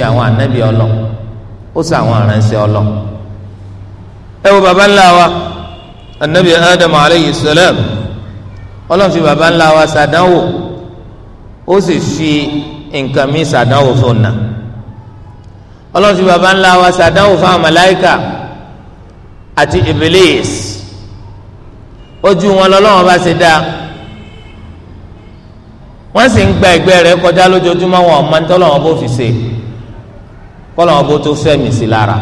ṣe àwọn ànábì ọlọ ó ṣe àwọn aránṣẹ́ ọlọ. ẹ wo baba ńlá wa ànábì adam aleyhi salam ọlọ́run fi baba ńlá wa ṣàdánwò ó sì fi nǹkan mi ṣàdánwò fòna ọlọ́run fi baba ńlá wa ṣàdánwò fún àwọn màláíkà àti ibilis ojú wọn lọ́lọ́run bá ṣe dáa wọ́n sì ń gba ẹgbẹ́ rẹ̀ kọjá lójoojúmọ́ wọn ọ̀mọ́ ntọ́lọ́wọ́n bó fi ṣe kọlọ wọn bó tó fẹmi sí lára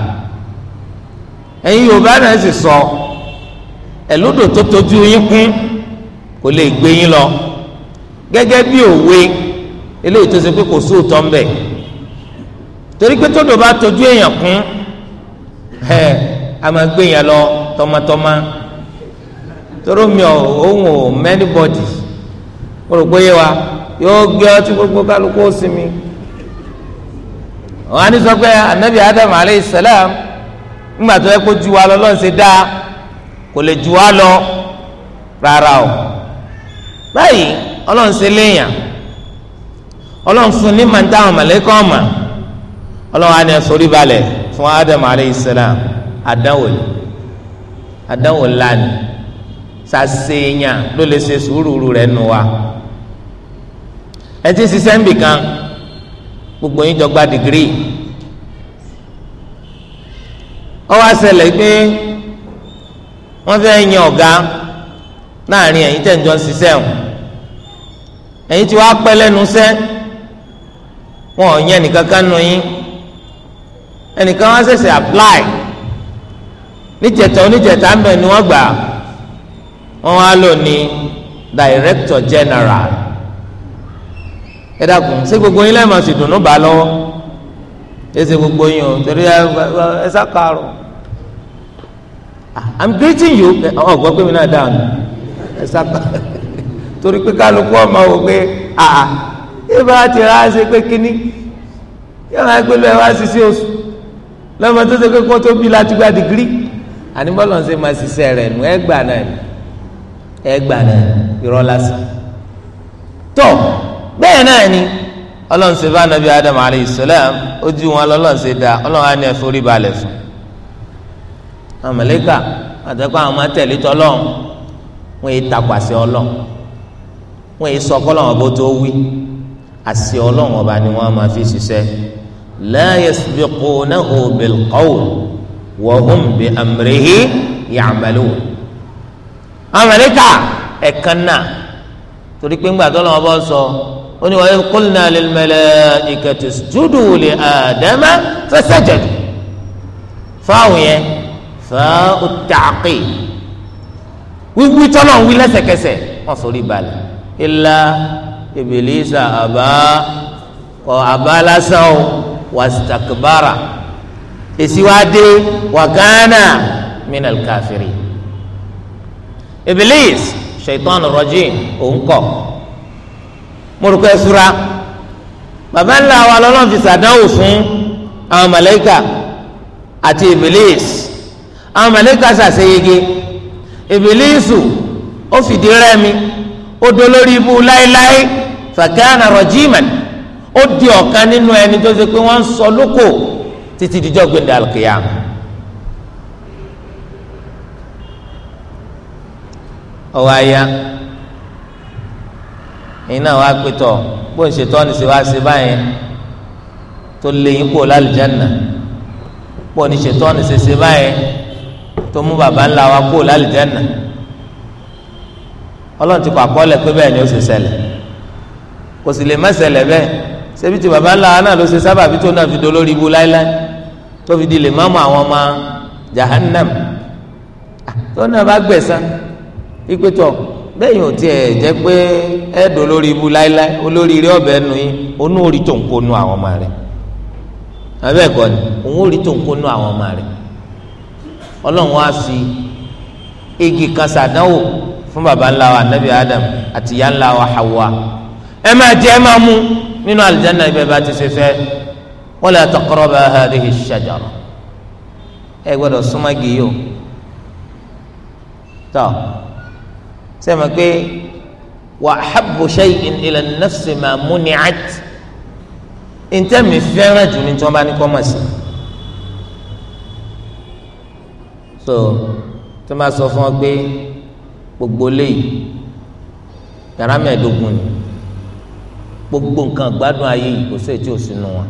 ẹ̀yin yorùbá náà sọ ẹlụdo tó tójú yín kún kò lè gbé lọ gẹ́gẹ́ bí òwe eléyìí tó ṣe pé kò sóòótọ́ ń bẹ torí pé tódò bá tójú èèyàn kún ẹ a máa gbé yẹn lọ tọmọtọmọ tóró mi ò òun ò mẹ́nibọ́dì mo wa yóò gé ọtí gbogbo kálukú ó sinmi. wọn á ní sọ pé anabi adam alayhi salam ńgbà tó yẹ kó ju wa lọ lọ́n ṣe dáa kò lè ju wa lọ rárá o báyìí ọlọ́run ṣe léèyàn ọlọ́run fún ní màá dáhùn ọ̀mà á ní balẹ̀ fún wa ẹ ti ṣiṣẹ́ gbogbo yín jọ Ọ wá ṣẹlẹ̀ pé wọ́n yan ọ̀gá láàrin ẹ̀yin tẹ̀ ń jọ ń o ẹ̀yin tí wàá pẹ́ lẹ́nu sẹ́ wọn ò kan nù yín wá apply níjẹta oníjẹta ń bẹ̀ ni wọn wá lò ní director general ẹ gbogbo yín lẹ́ẹ̀mọ̀ sì dùnú bá lọ́wọ́ ẹ gbogbo yín o i'm greeting you ọgbọ́n pé mi náà dáhùn ẹ sábà torí pé kálukú ọmọ wò pé àà ibà ti rà á ṣe pé kínní yóò máa gbé lóye wá sí sí oṣù lọ́mọ tó ṣe pé kó tó bí láti gba dìgírì àní bọ́lọ̀ ń ṣe máa ṣiṣẹ́ rẹ̀ nù ẹ gbà náà ni ẹ gbà náà irọ́ lásán tó bẹ́ẹ̀ náà ni ọlọ́run ṣe bá nàbí Adam alayhi salam ojú wọn lọ́lọ́run ṣe dá ọlọ́run á ní ẹ forí balẹ̀ fún un àwọn mẹlẹ́kà àtẹ́kọ́ àwọn máa tẹ̀lé tọ́lọ́run wọ́n yé takwàsí ọlọ́run wọ́n yé sọ kọ́lọ́run ọba tó wí àsì ọlọ́run ọba ni wọ́n máa fi ṣiṣẹ́ la yasbiqunahu bil qawl wa hum bi amrihi ya'malun àwọn mẹlẹ́kà ẹ̀kan torí pé ńgbà tọ́lọ́run ọba sọ ó ní wa idh qulna lil mala'ikati isjudu li Adama fasajadu fáwọn yẹn fẹ́ o tààkì wíwí tọ́lọ̀ ń wí lẹ́sẹ̀kẹsẹ̀ wọ́n sọ orí balẹ̀ ilà ìbílísà àbá kọ àbá lásán o wàsítakbara èsì wa dé wàgánà minal káfírí ìbílís shaitan rajim òun kọ mọ̀rùkọ́ ẹ̀ sura bàbá ńlá wa lọ́lọ́run fi sàdánwò fún àwọn màláíkà àti ìbílís àwọn màlẹ́kà ṣàṣeyege ìbílísù ó fìdí rẹmi ó dolórí ibú láéláé fàkànà rọjíìmàn ó di ọ̀kan nínú ẹni tó ṣe pé wọ́n ń sọ lóko títí dijọ́ gbẹ̀dẹ̀ àlùkìyà. ọwọ́ aya iná wa pétọ̀ bó ń ṣètò ọ́nì sí wa ṣe báyẹn tó lé yín kúrò lálùjánnà bó ń ṣètò ọ́nì sí ṣe báyẹn tó mú baba ńlá wa kó lálìjẹ́nà ọlọ́run ti kọ àkọọ́lẹ̀ pé bẹ́ẹ̀ ni ó ṣe ṣẹlẹ̀ kò sì lè má ṣẹlẹ̀ bẹ́ẹ̀ ṣebí ti baba ńlá wa náà ló ṣe sábàbí tó náà fi dolórí ibu láéláé tó fi di lè má mọ àwọn ọmọ jahannam tó náà bá gbẹ̀san ipe tọ̀ bẹ́ẹ̀ yóò tiẹ̀ jẹ́ pé ẹ̀ dolórí ibu láéláé olórí rí ọ̀bẹ nù yín onú orí tó ń kó nu àwọn ọmọ rẹ̀ abẹ́ẹ̀kọ́ ni òun orí tó ń kó nu àwọn ọmọ rẹ̀ ọlọ́run wá fi igi kan ṣàdánwò fún baba ńlá wa anabi adam àti ìyá ńlá wa hawa ẹ máa jẹ ẹ máa mu nínú alìjáná ibẹ̀ bá ti ṣe fẹ́ wala taqraba hadhihi shajara ẹ gbọ́dọ̀ súnmọ́ igi yìí o tọ́ sẹ́mi pé wa ahabbu shay'in ila an-nafsi ma muni'at ntẹ́mi fẹ́ràn jù ní tí wọ́n bá ní kọ́ mọ̀ sí i. so tó máa sọ fún ọ pé gbogbo léyìí yàrá mẹ́ẹ̀ẹ́dógún ni gbogbo nǹkan gbádùn ayé yìí kò sí ètí òsínú wọn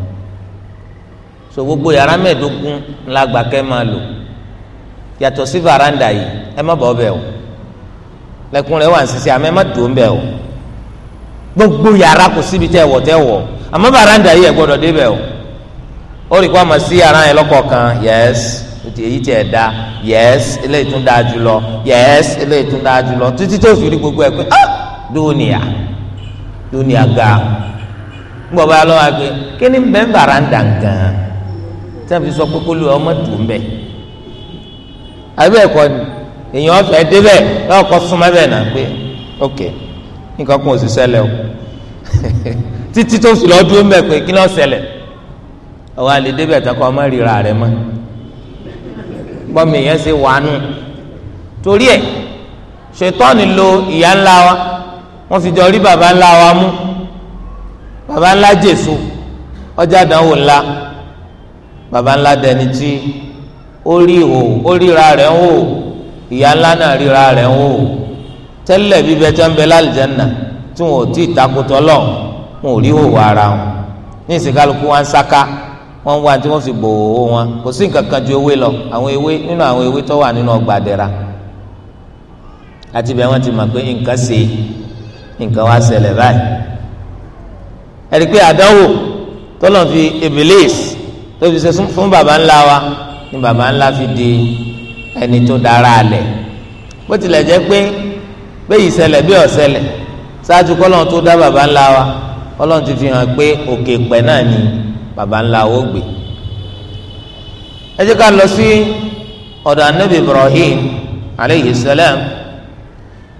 so gbogbo yàrá mẹ́ẹ̀ẹ́dógún la gbà kẹ́ máa lò yàtọ̀ sí varanda yìí ẹ má bọ̀ bẹ́ẹ̀ o lẹ́kùn rẹ̀ wà ń sisi àmọ́ ẹ má dùn bẹ́ẹ̀ o gbogbo yàrá kò síbi tẹ́ wọ̀ tẹ́ wọ̀ àmọ́ varanda yìí ẹ gbọ́dọ̀ débẹ̀ o ó rí kó a máa sí yàrá yẹn lọ́kọ̀ọ̀kan yẹ́sì. Yes èyí tí ẹ da yẹs eléyìí tún dáa jùlọ yẹs eléyìí tún dáa jùlọ títí tó fi rí gbogbo ẹ pé ah dúnìá dúnìá ga ńgbọ bá pé kí ni bẹ́ẹ̀ bàrà ń dàn gan sọ pé kólú ọmọ dùn bẹ́ẹ̀ àbí ẹ̀kọ́ ni èèyàn fẹ́ ọkọ bọ́mọ èèyàn ṣe wàánu torí ẹ̀ ṣètọ́ni lo ìyá ńlá wa wọ́n fi jọ rí baba ńlá wa mú baba ńlá jésù ọjà àdánwò ńlá baba ńlá dẹni tí ó rí ìhò ó ríra rẹ̀ ń hò ìyá ńlá náà ríra rẹ̀ ń hò tẹ́lẹ̀ bíbẹ tí wọ́n bẹ lálìjẹ́nà tí wọn ò tí ì takùtọ̀ lọ wọn ò rí hòhò ara wọn ní ìsìnkálukú wọn ń sáká wọ́n wá tí wọ́n fi bò ó wọn kò sí nǹkan kan ju ewé lọ àwọn ewé nínú àwọn ewé tó wà nínú ọgbà dẹ̀ra àti bẹ́ẹ̀ wọ́n ti mọ̀ pé nǹkan ṣe nǹkan wá ṣẹlẹ̀ báyìí ẹ̀rí pé àdánwò tọ́lọ̀ fi ibilis tó fi ṣe fún baba ńlá wa ni baba ńlá fi di ẹni tó dára alẹ̀ bó tilẹ̀ jẹ́ pé bẹ́ẹ̀ ìṣẹ̀lẹ̀ bí ọ̀ṣẹ̀lẹ̀ ṣáájú kọ́lọ́n tó dá baba ńlá wa Ọlọ́run ti fi hàn pé òkè pẹ̀ náà ni baba ńlá wo gbé ẹ jẹ́ ká lọ sí ọ̀dọ̀ anabi ibrahim aleyhi salam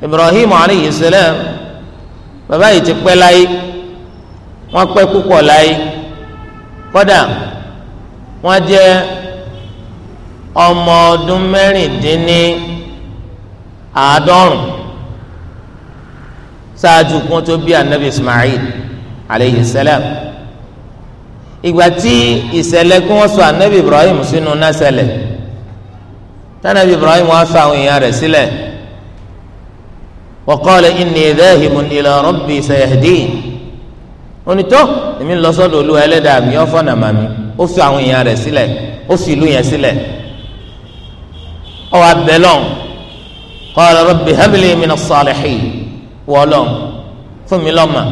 ibrahim aleyhi salam baba yìí ti pẹ́ láyé wọ́n pẹ́ púpọ̀ láyé kódà wọ́n jẹ́ ọmọ ọdún mẹ́rìndínní àádọ́rùn ṣáájú kún tó bí anabi ismail aleyhi salam ìgbà tí ìṣẹ̀lẹ̀ kí wọ́n sọ anabi ibrahim sínú násẹ̀lẹ̀ tanabi ibrahim wọ́n sọ àwọn èèyàn rẹ̀ sílẹ̀ wa qala inni dhahibun ila rabbi sayahdin onítọ́ èmi lọ sọ́dọ̀ olú ẹlẹ́dàá mi ọ̀fọ̀ nàmà ó fi àwọn èèyàn rẹ̀ sílẹ̀ ó fi ìlú yẹn sílẹ̀ ọwọ́ abẹ́lọ́n qala rabbi habli minas salihin wọ́ọ́lọ́n fún mi lọ́mà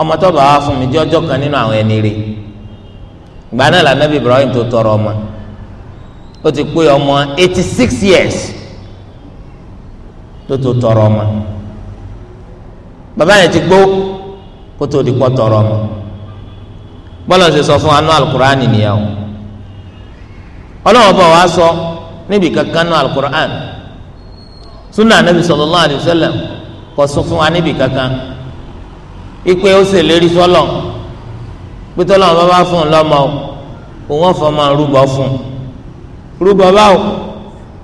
ọmọ tó bá fún mi jọ́jọ́ kan nínú àwọn ẹni rẹ̀ gba la nabi ibrahim tó tọrọ ọmọ ó ti pé ọmọ eighty six years tó tó tọrọ ọmọ bàbá yẹn ti gbó kó tó di pọ tọrọ ọmọ bọ́lá ṣe sọ fún anú alukur'an nìyẹn o ọlọ́wọ́ bá wa sọ níbi kankan nú alukur'an sunna anabi sallallahu alayhi wa sallam kò sọ fún wa níbi kankan ipe ó ṣèlérí sọlọ́ọ̀ pété ọlọ́run bá bá fún un lọ́mọ o òun ọ̀fọ̀ máa rúbọ fún un rúbọ báwo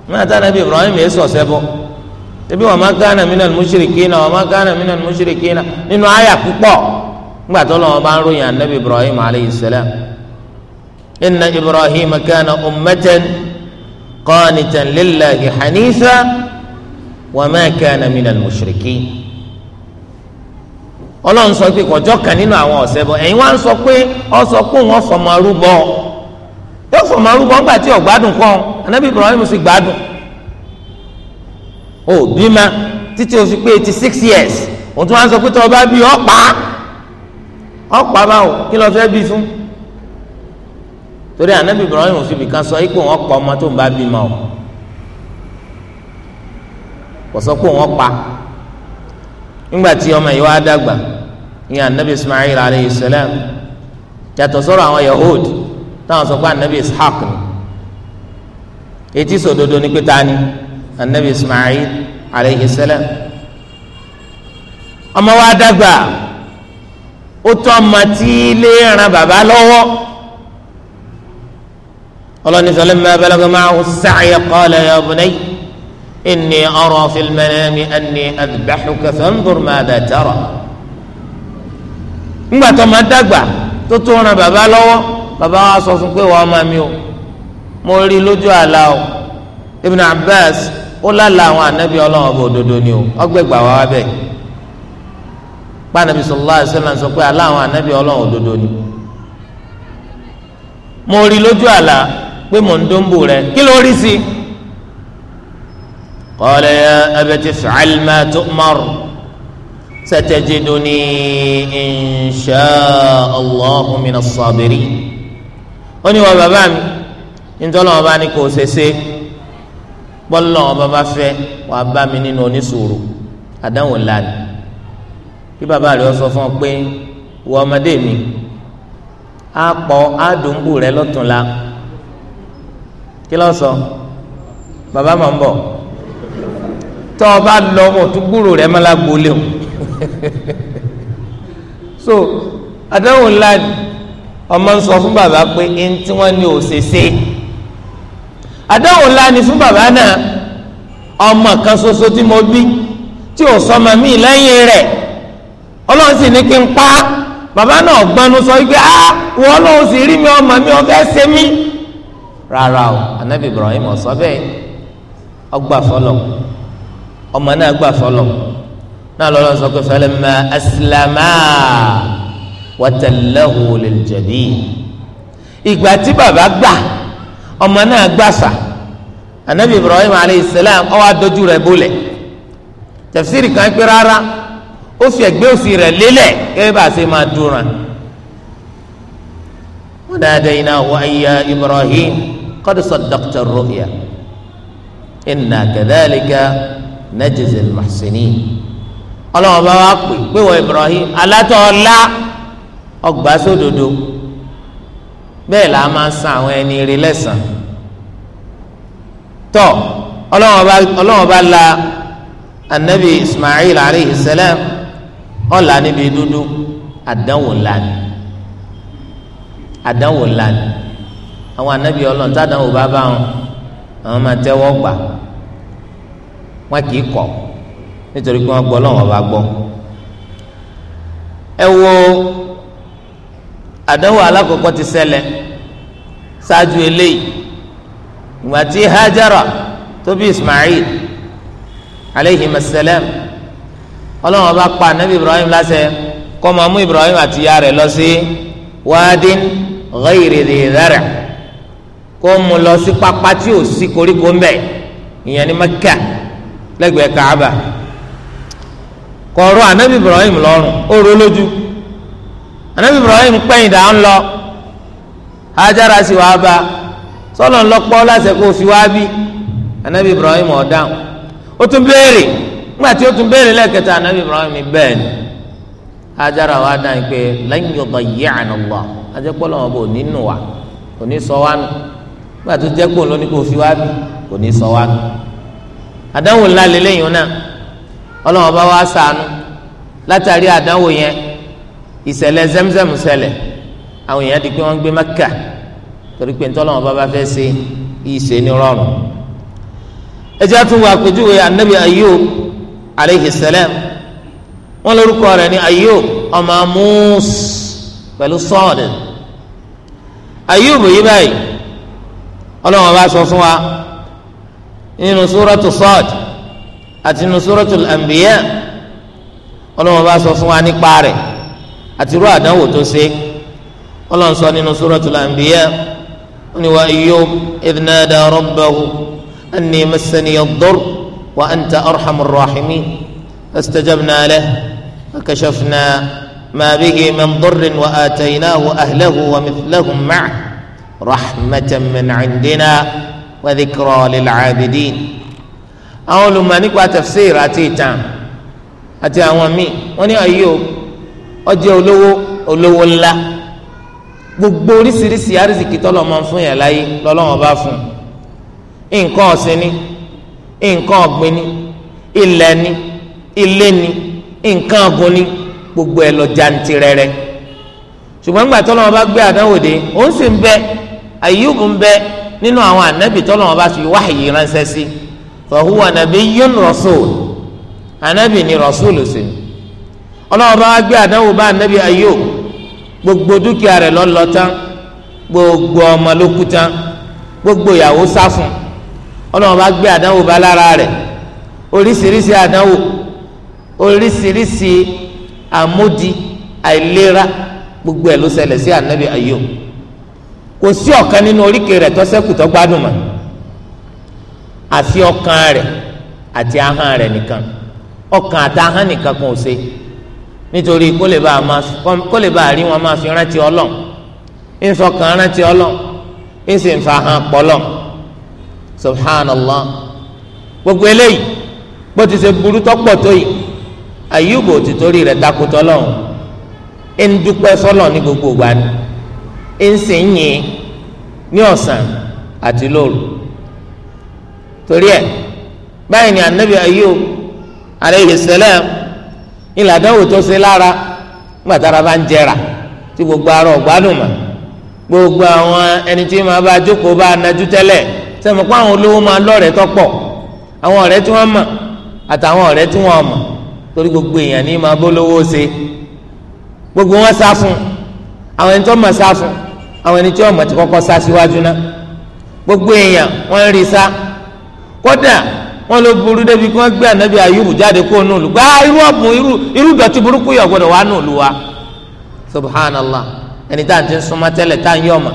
mẹ́ta nàbí Ibrahim yẹn sọ̀sẹ́ bọ́ ebi wa ma gánà minal mushrikina wa ma gánà minal mushrikina nínú àyà púpọ̀ ńgbà tó lọ́wọ́ bá ń ròyìn anabi Ibrahim alayhi salam inna Ibrahim kana ummatan qanitan lillahi hanifa wa ma kana minal mushrikina. ọlọ́run sọ pé kọjọ́ kan nínú àwọn ọ̀sẹ̀ bọ̀ ẹ̀yin wá ń sọ pé ọ sọ pé wọ́n yóò tí ọ̀gbádùn kọ́ anábì títí o fi pé eighty six years òun wá ń sọ pé ọ bí ọ̀pá ọ̀pá kí lọ́ọ́ fẹ́ bí torí anábì Ibrahim bìkan sọ ọmọ tó ń bá o kò sọ pé nígbà tí ọmọ yìí wá ní anabi ismail alayhi salam yàtọ̀ sọ́rọ̀ àwọn yahood táwọn sọ pé anabi ishaq ni etí sòdodo ni pé ta ni anabi ismail alayhi salam ọmọ wa dàgbà ó tọ́ ọmọ tí lè ran bàbá lọ́wọ́ ọlọ́ni sọlẹ́ mi abẹ́lẹ́gbẹ́ máa ń sàyẹ kọ́lẹ̀ ya bunayya inni ara fil manami anni adbahuka fanzur madha tara. ńgbà tó máa dàgbà tó tó ran bàbá lọ́wọ́ bàbá wa sọ fún pé ọmọ mi o mo rí lójú àlá o Ibn Abbas ó lálà àwọn ànábì ọlọ́run ọba òdodo ni o ọgbẹ́gbà wá wá bẹ́ẹ̀ pàànàbì sallallahu alaihi sọ pé àlá àwọn ستجدني إن شاء الله من الصابرين ó ní wọ bàbá mi nítorí wọn bá ní kò ṣeéṣe bọ́lá wọn bá bá fẹ́ wàá bá mi nínú oníṣòro àdáhùn lánàá bí bàbá rẹ̀ sọ fún ọ pé wọ ọmọdé mi á pọ̀ àdùnbù rẹ lọ́tùnla kí ló sọ bàbá mọ̀ ń bọ̀ tọ́ ọ bá lọ ọmọ tó gbúrò rẹ mọ́ lágbo léwu so àdáhùn ńlá ni ọmọ ń sọ fún bàbá pé ẹni tí wọn ní òṣèṣe àdánwò ńlá ni fún bàbá náà ọmọ kan ṣoṣo tí mo bí tí ò sọmọ mi lẹ́yìn rẹ̀ ọlọ́run sì ní kí n pa bàbá náà gbanu sọ wípé a wọ́n lọ́wọ́ sì rí mi ọmọ mi ọ̀fẹ́ ṣe mí rárá o anabi Ibrahim ọ̀sọ́ bẹẹ ọgbà fọlọ ọmọ náà gbà fọlọ. náà lọ́lọ́ sọ pé falamma aslama watallahu liljabin ìgbà tí bàbá gbà ọmọ náà gbàsà anabi ibrahim aleyhisselam ó wá dojú rẹ̀ bolẹ̀ tafsiri kan pé rárá ó fi ẹ̀gbẹ́ òsì rẹ̀ lélẹ̀ kẹ́ẹ́ bá a ṣe máa dúnra wa nadaynahu ayya ibrahim qad saddaqta ar-ru'ya inna kadhalika najzil muhsinin ọlọ́wọ́n bá wa pè pé wọ Ibrahim alátọ̀ ọ̀la ọgbà sódodo bẹ́ẹ̀ là á máa san àwọn ẹni rí lẹ́sàn tọ́ ọlọ́wọ́n bá la anabi Ismail alayhi salam ọ̀la níbi dúdú àdánwò lánì àdánwò lánì àwọn anabi ọlọ́run tá àdánwò bá bá wọn àwọn máa tẹ́wọ́ gbà wọn kì í kọ̀ ọ́ nítorí pé wọ́n gbọ́ lọ́wọ́ bá gbọ́ ẹ wo àdánwò alákọ̀ọ́kọ́ ti ṣẹlẹ̀ ṣáájú eléyìí ìgbà tí hajara tó bí ismail aleyhi masalam ọlọ́wọ́n bá pa anabi ibrahim láṣẹ kó máa mú ibrahim àti ìyá rẹ̀ lọ sí wádìn ghayri dhi zara kó mu lọ sí pápá tí ò sí koríko ń ìyẹn ní mẹ́kà lẹ́gbẹ̀ẹ́ káàbà kọrọ anabi ibrahim lọ́rùn ó ro lójú anabi ibrahim pẹ̀yìn dà ń lọ hajara sì wàá bá sọlọ ń lọpọ láti ẹkọ òfin wá bí anabi ibrahim ọdáhùn ó tún béèrè nígbà tí ó tún béèrè lẹ́ẹ̀kẹta anabi ibrahim bẹ́ẹ̀ ni hajara wàá dáhùn pé lan yudayya'na Allah ajẹpọlọ wọn bò nínú wa kò ní sọ wá nù nígbà tó jẹ́ pé òun ló ní kó wá bí kò ní sọ wá nù àdáhùn ńlá lélẹ́yìn náà ọlọ́run ọba wa ṣàánú látàrí àdánwò yẹn ìṣẹ̀lẹ̀ zẹ́mzẹ́m ṣẹlẹ̀ àwọn èèyàn di pé wọ́n gbé mẹ́kà torí pé ntọ́lọ́run ọba bá fẹ́ ṣe ìṣe ní rọrùn. ẹ jẹ́ tún wọ àpèjúwe anabi Ayub aleyhi salam wọn lórúkọ rẹ̀ ní Ayub ọmọ amus pẹ̀lú sọ́ọ̀dì Ayub yìí báyìí ọlọ́run ọba sọ fún wa nínú súrọ́tù àti nu suratul anbiya ọlọ́wọ́n bá sọ fún wa nípa rẹ̀ àti irú àdánwò tó ṣe ọlọ́wọ́n sọ nínú suratul anbiya ni wa Ayyub idh nada rabbahu anni massaniya ad-durr wa anta arhamur rahimin fastajabna lahu fakashafna ma bihi min durrin wa ataynahu rahmatan min indina wa dhikra lil 'abidin. àwọn olùmọ̀ nípa tafsir àti ìtàn àti àwọn míì wọ́n ní ayé o olówó olówó ńlá gbogbo oríṣiríṣi àrísìkì tọ́lọ̀ máa ń fún yàn láyé lọ́lọ́wọ́n bá fún un nǹkan ọ̀sìn ni nǹkan ọ̀gbìn gbogbo ẹ̀ lọ ṣùgbọ́n nígbà tọ́lọ̀ gbé àdánwò dé òun sì bẹ bẹ nínú àwọn tọ́lọ̀ wọn bá fi فهو نبي رسول، anabi رسول سن، sí ọlọ́run bá gbé àdánwò bá anabi Ayub gbogbo dúkìá rẹ̀ lọ́lọ́ tán gbogbo ọmọ ló kú tán gbogbo ìyàwó sá fún ọlọ́run bá gbé àdánwò bá lára rẹ̀ oríṣiríṣi àdánwò oríṣiríṣi àmúdi àìlera gbogbo ẹ̀ ló ṣẹlẹ̀ sí anabi Ayub kò sí ọ̀kan nínú oríkèé rẹ̀ tó tó gbádùn mọ́ àfi ọkàn rẹ̀ àti ahọ́n rẹ̀ nìkan ọkàn àti ahọ́n nìkan kan ò ṣe nítorí kó lè bá a rí wọn máa fi rántí Ọlọ́run ìfọkàn rántí Ọlọ́run ìsì ń fa hàn pọlọ subhanallah gbogbo eléyìí bó ti ṣe burú tọ́pọ̀ tó yìí Ayubu ti torí rẹ̀ takùtọ lọhùn ń dúpẹ́ sọ́lọ̀ ní gbogbo ìgbà ni ń sì ń yìn ní ọ̀sán àti lóru torí ẹ báyìí ni anabi Ayub aleyhi salam ilà àdánwò tó ṣe lára nígbà tára bá ń jẹrà tí gbogbo ara ọ̀gbádùn mà gbogbo àwọn ẹni tí màá bá jókòó bá anájú tẹ́lẹ̀ sẹ́mi pé àwọn olówó máa lọ́rẹ̀ẹ́ tọ́pọ̀ àwọn ọ̀rẹ́ tí wọ́n mọ̀ àtàwọn ọ̀rẹ́ tí wọ́n mọ̀ torí gbogbo èèyàn ní máa bó lówó ṣe gbogbo wọn sá fún àwọn ẹni tó mọ̀ sá fún àwọn ẹni tí wọ́n mọ̀ ti kọ́kọ́ sá síwájú ná gbogbo èèyàn wọ́n rí sá kódà wọn ló burú débi kí wọn gbé ànábì ayúbù jáde kó nù lù gbá irú ọ̀bùn irú irú dọ̀tí burúkú yọ̀ gbọ́dọ̀ wà nù lù wa subhanallah ẹni tá à ń ti súnmọ́ tẹ́lẹ̀ tá à ń yọ̀ mà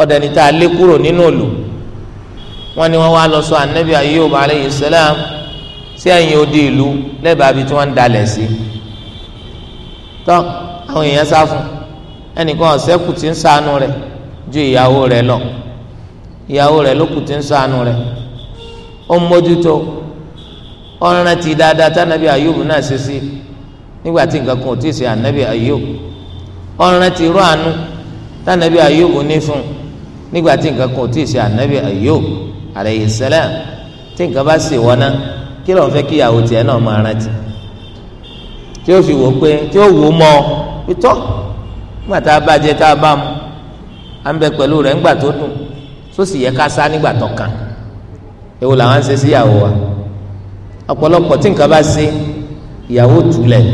ọ̀dọ̀ ẹni tá a lé kúrò nínú lù wọn ni wọn wá lọ sọ ànábì ayúbù aleyhi salam sí ẹ̀yìn odi ìlú lẹ́bàá tí wọ́n ń dalẹ̀ sí tọ́ àwọn èèyàn ọmọdútó ọ̀ràn ti dáadáa tánàbí ayub náà ṣe sí nígbà tí nǹkan kan ò tí ì ṣe ànábì ayub ọ̀ràn ti rọ àánú tánàbí ayub ní fún nígbà tí nǹkan kan ò tí ì ṣe ànábì ayub alayhi salam tí nǹkan bá ṣe wọ́n náà kí ló ń fẹ́ kí ìyàwó tiẹ̀ náà máa rántí tí ó fi wò pé tí ó wò mọ́ ọ nígbà tá a bá jẹ tá a bá mu à ń bẹ pẹ̀lú rẹ̀ ńgbà tó dùn sósì yẹ ká sá nígbà tó kàn èwo làwọn ń ṣe sí ìyàwó wa ọ̀pọ̀lọpọ̀ tí nǹkan bá ṣe ìyàwó túlẹ̀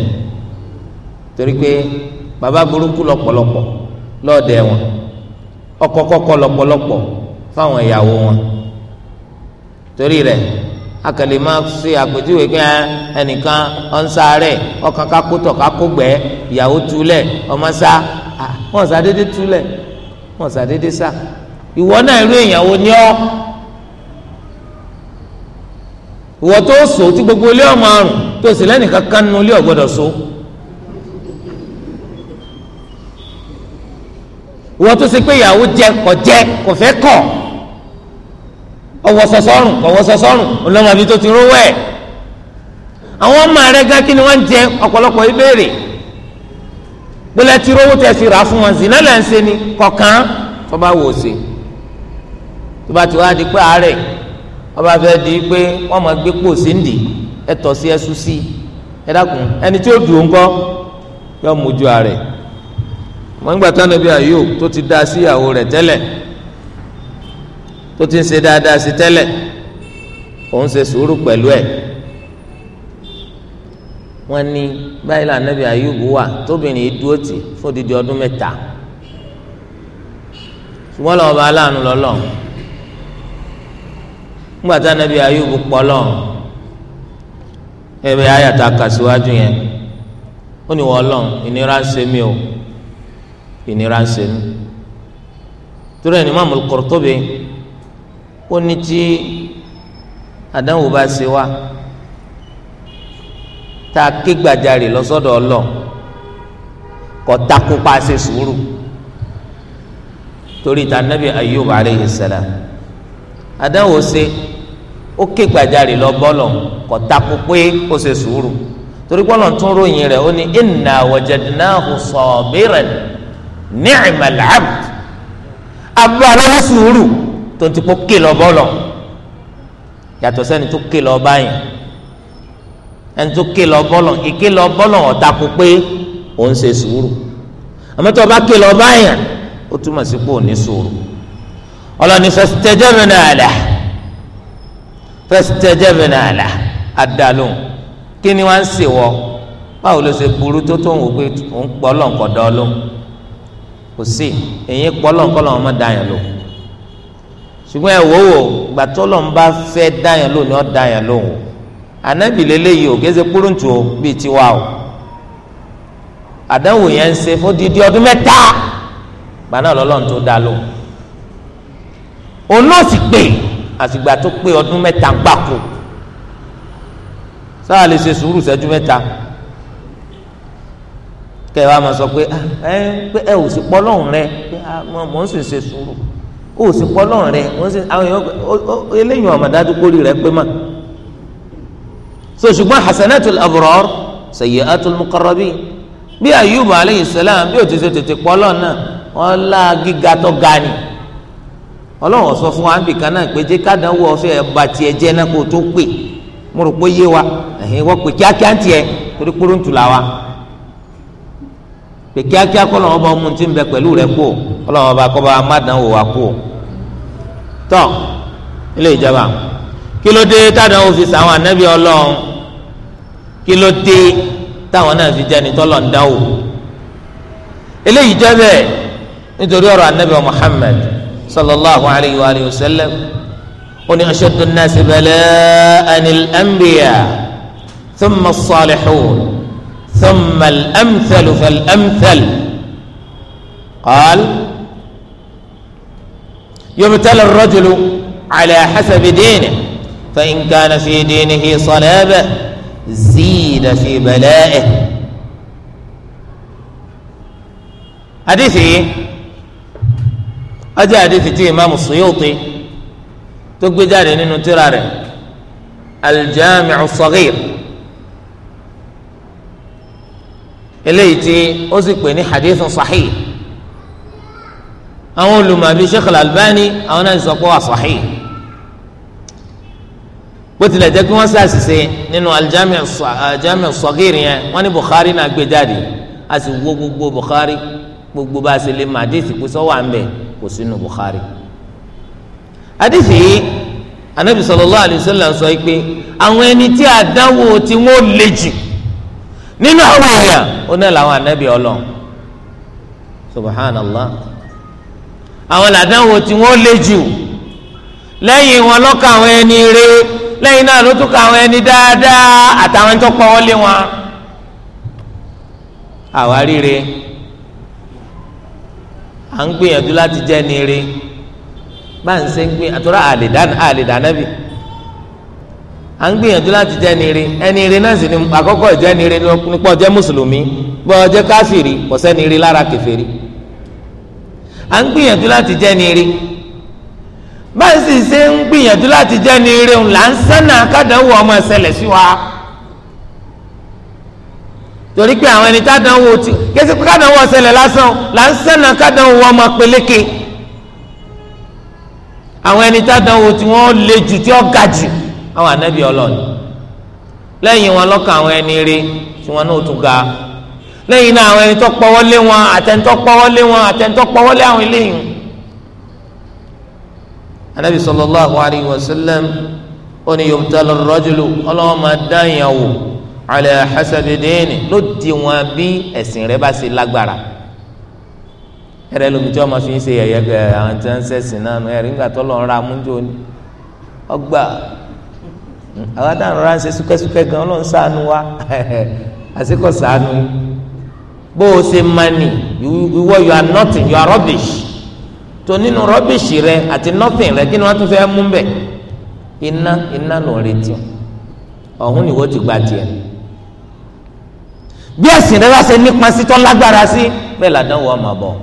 torí pé bàbá burúkú lọ́pọ̀lọpọ̀ lọ́ọ̀dẹ wọn ọkọ kọ́kọ́ lọ́pọ̀lọpọ̀ fáwọn ìyàwó wọn torí rẹ̀ akẹlẹ máa ṣe àpèjúwe pé ah, ẹnìkan ọ̀nsáré ọkàn kakótọ̀ kakógbẹ́ ìyàwó túlẹ̀ ọmọ sá ah, wọn sàdédé túlẹ̀ wọn sàdédé sá ìwọ náà irú èèyàn ni ọ́ ìwọ tó so tí gbogbo ilé ọmọ àrùn tó sì lẹ́nìkan kan nu ilé ọ̀gbọ́dọ̀ so ìwọ tó ṣe pé ìyàwó jẹ kò jẹ kò fẹ́ kọ̀ ọwọ́ sọsọ́rùn ọwọ́ sọsọ́rùn ọlọ́mọ àbí tó ti rówó ẹ̀ àwọn ọmọ rẹ gá kí ni wọ́n ń jẹ ọ̀pọ̀lọpọ̀ ìbéèrè gbọ́dọ̀ ti rówó tẹ̀ sí rà fún wọn zìnnà là ń ṣe kọ̀ọ̀kan tó bá wò ó ṣe tó bá ti wá di pé àárẹ̀ wọ́n bá fẹ́ di pé wọ́n máa gbé pò sí ndì ẹ tọ̀ sí ẹsùn sí ẹ dákun ẹni tí ó dùn ńkọ́ yọ mójú ààrẹ wọ́n gbà tán níbi àyò tó ti dá síyàwó rẹ̀ tẹ́lẹ̀ tó ti ń ṣe dáadáa sí tẹ́lẹ̀ òun ṣe sùúrù pẹ̀lú ẹ̀ wọ́n ní báyìí là nàbì Ayúbù wà tóbìnrin yìí dúró tì fún odidi ọdún mẹ́ta ṣùgbọ́n lọ́wọ́ bá aláàánú lọ́lọ́run ngbàtà nàbí ayúbù kpọlọ ẹbẹ ayàtà kàṣíwájú yẹn ó ní wọ́n lọ́n ìnira ń ṣe mí o ìnira ń ṣe mí torí ẹni Imam al-Qurtubi ó ní tí àdánwò bá ṣe wá tá a ké gbàjarè lọ́sọ́dọ̀ ọlọ́ kọ́ takópa sùúrù torí ta nàbí ayúbù aleyhi salam àdánwò ṣe ó ké gbàjarè lọ bọ́lọ̀ kò takò pé ó ṣe sùúrù torí bọ́lọ̀ tún ròyìn rẹ̀ ó ní inna wajadnahu sabiran ni'mal abd abúlé aláwọ̀ sùúrù tó ti kó ké lọ bọ́lọ̀ yàtọ̀ sẹ́ni tó ké lọ báyìí ẹni tó ké lọ bọ́lọ̀ ìké lọ bọ́lọ̀ ó pé ó ń ṣe sùúrù àmọ́ bá ké lọ báyìí ó túmọ̀ sí pé ò ní sùúrù ọlọ́ni fastajabna lah fastajabna lah adalóhùn kí ni wọ́n ń sè wọ́ báwo ló ṣe burú tó tó ń wò pé òun pọ̀ lọ́nkọ̀ dán lóhùn kò sí èyí pọ̀ lọ́nkọ̀ lọ́wọ́ má dáyàn lò ṣùgbọ́n ẹ̀ wò wò ìgbà tó lọ́n bá fẹ́ dáyàn lóhùn ni ó dáyàn lóhùn ànábì lélẹ́yìí ò kéze kúrúntù o bíi tiwa o àdánwò yẹn ń ṣe fún dídí ọdún mẹ́ta gbaná lọ́lọ́run tó dá lóhùn òun náà sì pé àsìgbà tó pé ọdún mẹ́ta gbáko sáà lè ṣe sùúrù ṣẹ́jú mẹ́ta kẹ́ ẹ wá máa sọ pé ah, ẹ pé ẹ ò sì pọ́ lọ́hùn rẹ pé ah, mò ń sì ṣe sùúrù ó sì pọ́ lọ́hùn rẹ mò ń sì àwọn èèyàn eléyìí ọ̀mọ̀ dájú kórìí rẹ pé mà so ṣùgbọ́n hasanatul abrar sayyiatul muqarrabin bí ayubu aleyhi salam bí ó ti ṣe tètè pọ́ lọ́hùn náà wọ́n lá gíga tó ga ni ọlọ́run sọ fún wa ń bì kan náà pé jẹ́ kádánwò ọ̀fẹ́ ẹ̀bà tiẹ̀ jẹ́ náà kó tó pè mo rò pé yé wa ẹ̀hìn wọ́n pè kíákíá tiẹ̀ torí kúrò ń tù là wa pè kíákíá kọ́ lọ́wọ́ bá ọmú ti ń bẹ pẹ̀lú rẹ kú ọlọ́wọ́ bá kọ́ bá má dánwò wa kú tọ́ ilé ìjọba kí ló dé tádánwò fi sàwọn ànábì ọlọ́run kí ló dé táwọn náà fi jẹ́ni tọ́lọ̀ ń dánwò eléyìí jẹ́ bẹ́ẹ̀ Muhammad صلى الله عليه وآله وسلم قل أشد الناس بلاء الأنبياء ثم الصالحون ثم الأمثل فالأمثل قال يبتلى الرجل على حسب دينه فإن كان في دينه صلابة زيد في بلائه حديثي ọjọ́ àdìsí tí imaamu Suyuti tó gbé jáde nínú tírà rẹ̀ al-Jami'u as-Saghir eléyìí tí ó sì pè ní hadith sahih àwọn olùmọ̀bí Sheikh al-Albani àwọn náà sọ pé wà sahih bó tilẹ̀ jẹ́ kí wọ́n ṣàṣìṣe nínú al-Jami'u as yẹn wọ́n ní Bukhari náà gbé jáde a sì wo gbogbo Bukhari gbogbo bá a ṣe lè má àdìsí pé sọ́wọ́ à ń bẹ̀ kò sínú Bukhari àdìsí yìí anabi sallallahu alayhi wa sallam sọ pé àwọn ẹni tí àdánwò tí wọ́n lè jù nínú àwọn èèyàn ó náà làwọn anabi Ọlọ́run subhanallah àwọn làdánwò tí wọ́n lè jù lẹ́yìn wọn lọ́ka àwọn ẹni rè lẹ́yìn náà ló tún ka àwọn ẹni dáadáa àtàwọn tó pọ̀ wọ́n lé wọn àwa ríre à ń gbìyànjú láti jẹ́ ní rí bá ń ṣe ń gbé àtúrà àlèdánẹ́bì à ń gbìyànjú láti jẹ́ ní rí ẹni rí náà sì ni àkọ́kọ́ ìjẹ́ ní rí nípa ọjẹ́ mùsùlùmí bọ́ ọjẹ́ káfìrí kò sẹ́ni rí lára kèfèrí à ń gbìyànjú láti jẹ́ ní bá ń sì ṣe ń gbìyànjú láti jẹ́ ní rí ń sẹ́nà kádàáwò ọmọ ẹ̀sẹ̀lẹ̀ sí wa torí pé àwọn ẹni tádánwò ti kése pé kádánwò ọ̀sẹ̀lẹ̀ lásán là ń sẹ́nà kádánwò wọn máa peléke àwọn ẹni tádánwò tí wọ́n lé jù tí ó ga jù àwọn ànábì ọlọ́ọ̀ni lẹ́yìn wọn lọ́kàn àwọn ẹni rí tí wọn náà tún ga lẹ́yìn náà àwọn ẹni tó pọ́wọ́ lé wọn àtẹ̀ntọ́ pọ́wọ́ lé wọn àtẹ̀ntọ́ pọ́wọ́ lé àwọn eléyìí ànábì sallallahu alaihi wasallam ó ní yubtalar rajulu ọlọ́wọ́ máa dá ala hasabi dini ló di wọn bí ẹ̀sìn rẹ bá ṣe lágbára ẹrẹ lomi tí wọn máa fi ń ṣe yẹ̀yẹ́ pé àwọn tí wọn ń ṣẹ̀sìn náà nù ẹrí nígbà tó lọ ra amúnjó ni ọgbà àwọn adáhùn rà ń ṣe súkẹ́súkẹ́ gan ọlọ́run ṣàánú wa àṣekọ̀ ṣàánú bó o ṣe mani ìwọ you are nothing you are rubbish tó nínú rubbish rẹ àti nothing rẹ kí ni wọn tún fẹ́ mú bẹ̀ iná iná ló ń retí ọ̀hún ni wọ́n ti gba tiẹ̀ bí ẹ̀sìn rẹ bá ṣe nípa sí tó lágbára sí bẹ́ẹ̀ làdánwò ọmọ bọ̀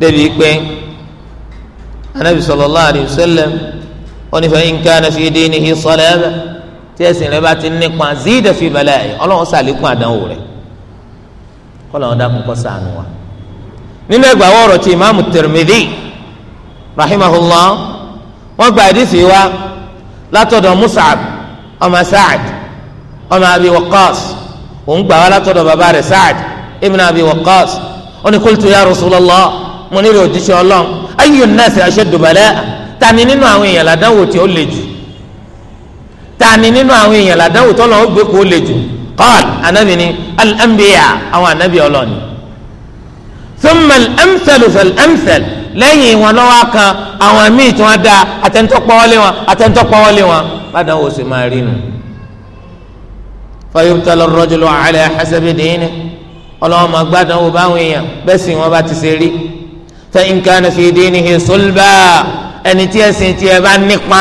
débi pé anabi sallallahu alayhi wa sallam onífẹ in kana fi dinihi salaba tí ẹ̀sìn rẹ bá ti nípa zida fi balaya Ọlọ́run ṣàlékún àdánwò rẹ kọlọrun dákun kọ ṣàánú wa nínú ẹgbàá wọrọ tí imaamu Tirmidhi rahimahullah wọn gba àdìsí wa látọ̀dọ̀ Mus'ab ọmọ Sa'ad ọmọ abi waqas òun gbà wá látọ̀dọ̀ bàbá rẹ̀ Sa'ad ibn abi waqas ó ní qultu ya Rasulullah mo nílò òjíṣẹ́ ọlọ́run ayyu nnasi ashaddu balaa tani nínú àwọn èèyàn làdánwò tí ó le jù tani nínú àwọn èèyàn làdánwò tó lọ́wọ́ gbé kó le jù qal anabi ni al-anbiya àwọn anabi ọlọ́ni thumma al-amthalu fal-amthal lẹ́yìn wọn kan àwọn míì tí wọ́n dá àtẹ̀ntọ́pọ̀ wọlé wọn àtẹ̀ntọ́pọ̀ wọlé wọn bá dáwọ́ sì máa rí nu fayobtala rọjòló àlẹ hasabi dìínì ọlọ́wọ́n máa gbádùn wò báwọn èèyàn bẹ́ẹ̀ sì wọ́n bá ti ṣe rí fẹ́ nǹkan fi dìínì hì sólbà ẹni tí ẹ̀sìn tí ẹ bá nípa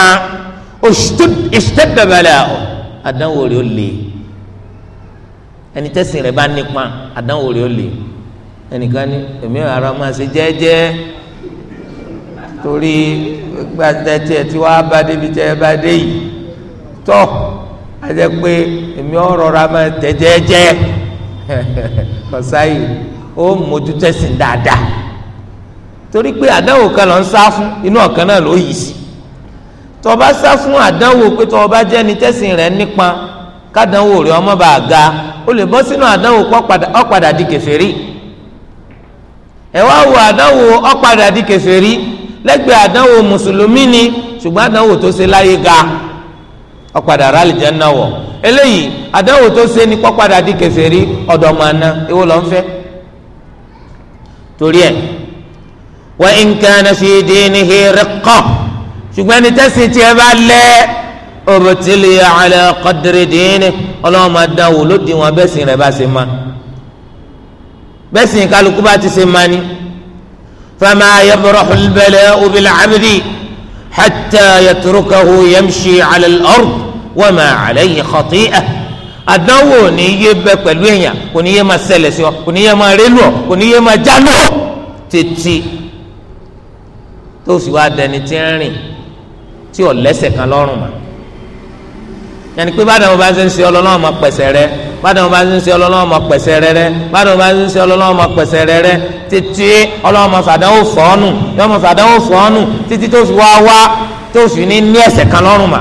ìṣtẹ́bẹ̀bẹ̀lẹ̀ àdánwò rẹ̀ ó le ẹni tẹ́sìn rẹ̀ bá nípa àdánwò rẹ̀ ó le ẹnìkan ní èmi ara máa ṣe jẹ́jẹ́ torí gbàtẹ́tẹ́ tí wàá bá débi tẹ́ ẹ bá dé yìí tọ́. ajẹ́ pé èmi ọ̀rọ̀ ra máa tẹ̀ jẹ́ẹ́jẹ́ kọ̀sáyì ó mójú tẹ̀sìn dáadáa torí pé àdánwò kan lọ ń sá fún inú ọ̀kan náà ló yìí sí tọba sá fún àdánwò pé tọba jẹ́ ni tẹ̀sìn rẹ̀ nípa kádánwò rẹ̀ ọmọ bá ga ó lè bọ́ sínú àdánwò kó ọ̀padà di kèfèrí ẹ wá wo àdánwò ọ̀padà di kèfèrí lẹ́gbẹ̀ẹ́ àdánwò mùsùlùmí ni ṣùgbọ́n àdánwò tó ṣe láyé ga. ọ̀padà rà àlìjáná wọ̀ eléyìí àdánwò tó ṣe ni pọ́padà di kèfèrí ọ̀dọ̀ máa ná ewu lọ́n fẹ́ torí ẹ̀ wa in kana fi dinihi riqqa ṣùgbọ́n ní tẹ́sán tiẹ̀ bá lẹ́ òbítìlì ala qadri dini ọlọ́wọ́n máa dán wò ló dín wọn bẹ́sìn rẹ̀ bá ṣe máa bẹ́sìn kálukú bá ti ṣe máa ni fama yabrahu al bala'u bil abdi hatta yatrukahu yamshi ala al-ard wa ma alayhi khati'ah àdánwò ní yé bẹ pẹ̀lú èèyàn kò ní yé máa ṣẹlẹ̀ sí ọ kò ní yé máa rélu ọ kò ní yé máa jánu ọ tètè tó sì wáá dẹni tí ń rìn tí ò lẹ́sẹ̀ kan lọ́rùn mọ́ yẹnni pé bá dàmú bá ń ṣe ń ṣe ọlọ́run máa pẹ̀sẹ̀ rẹ bádùn bá ń ṣe ọlọ́lọ́wọ́ mọ pẹ̀sẹ̀ rẹ́rẹ́ bádùn bá ń ṣe ọlọ́lọ́wọ́ mọ pẹ̀sẹ̀ rẹ́rẹ́ títí ọlọ́wọ́ mọ fàdánwò fọ́ọ̀nù yọ mọ fàdánwò fọ́ọ̀nù títí tó fi wá wá tó fi ní ní ẹ̀ṣẹ̀ kan lọ́rùn mà.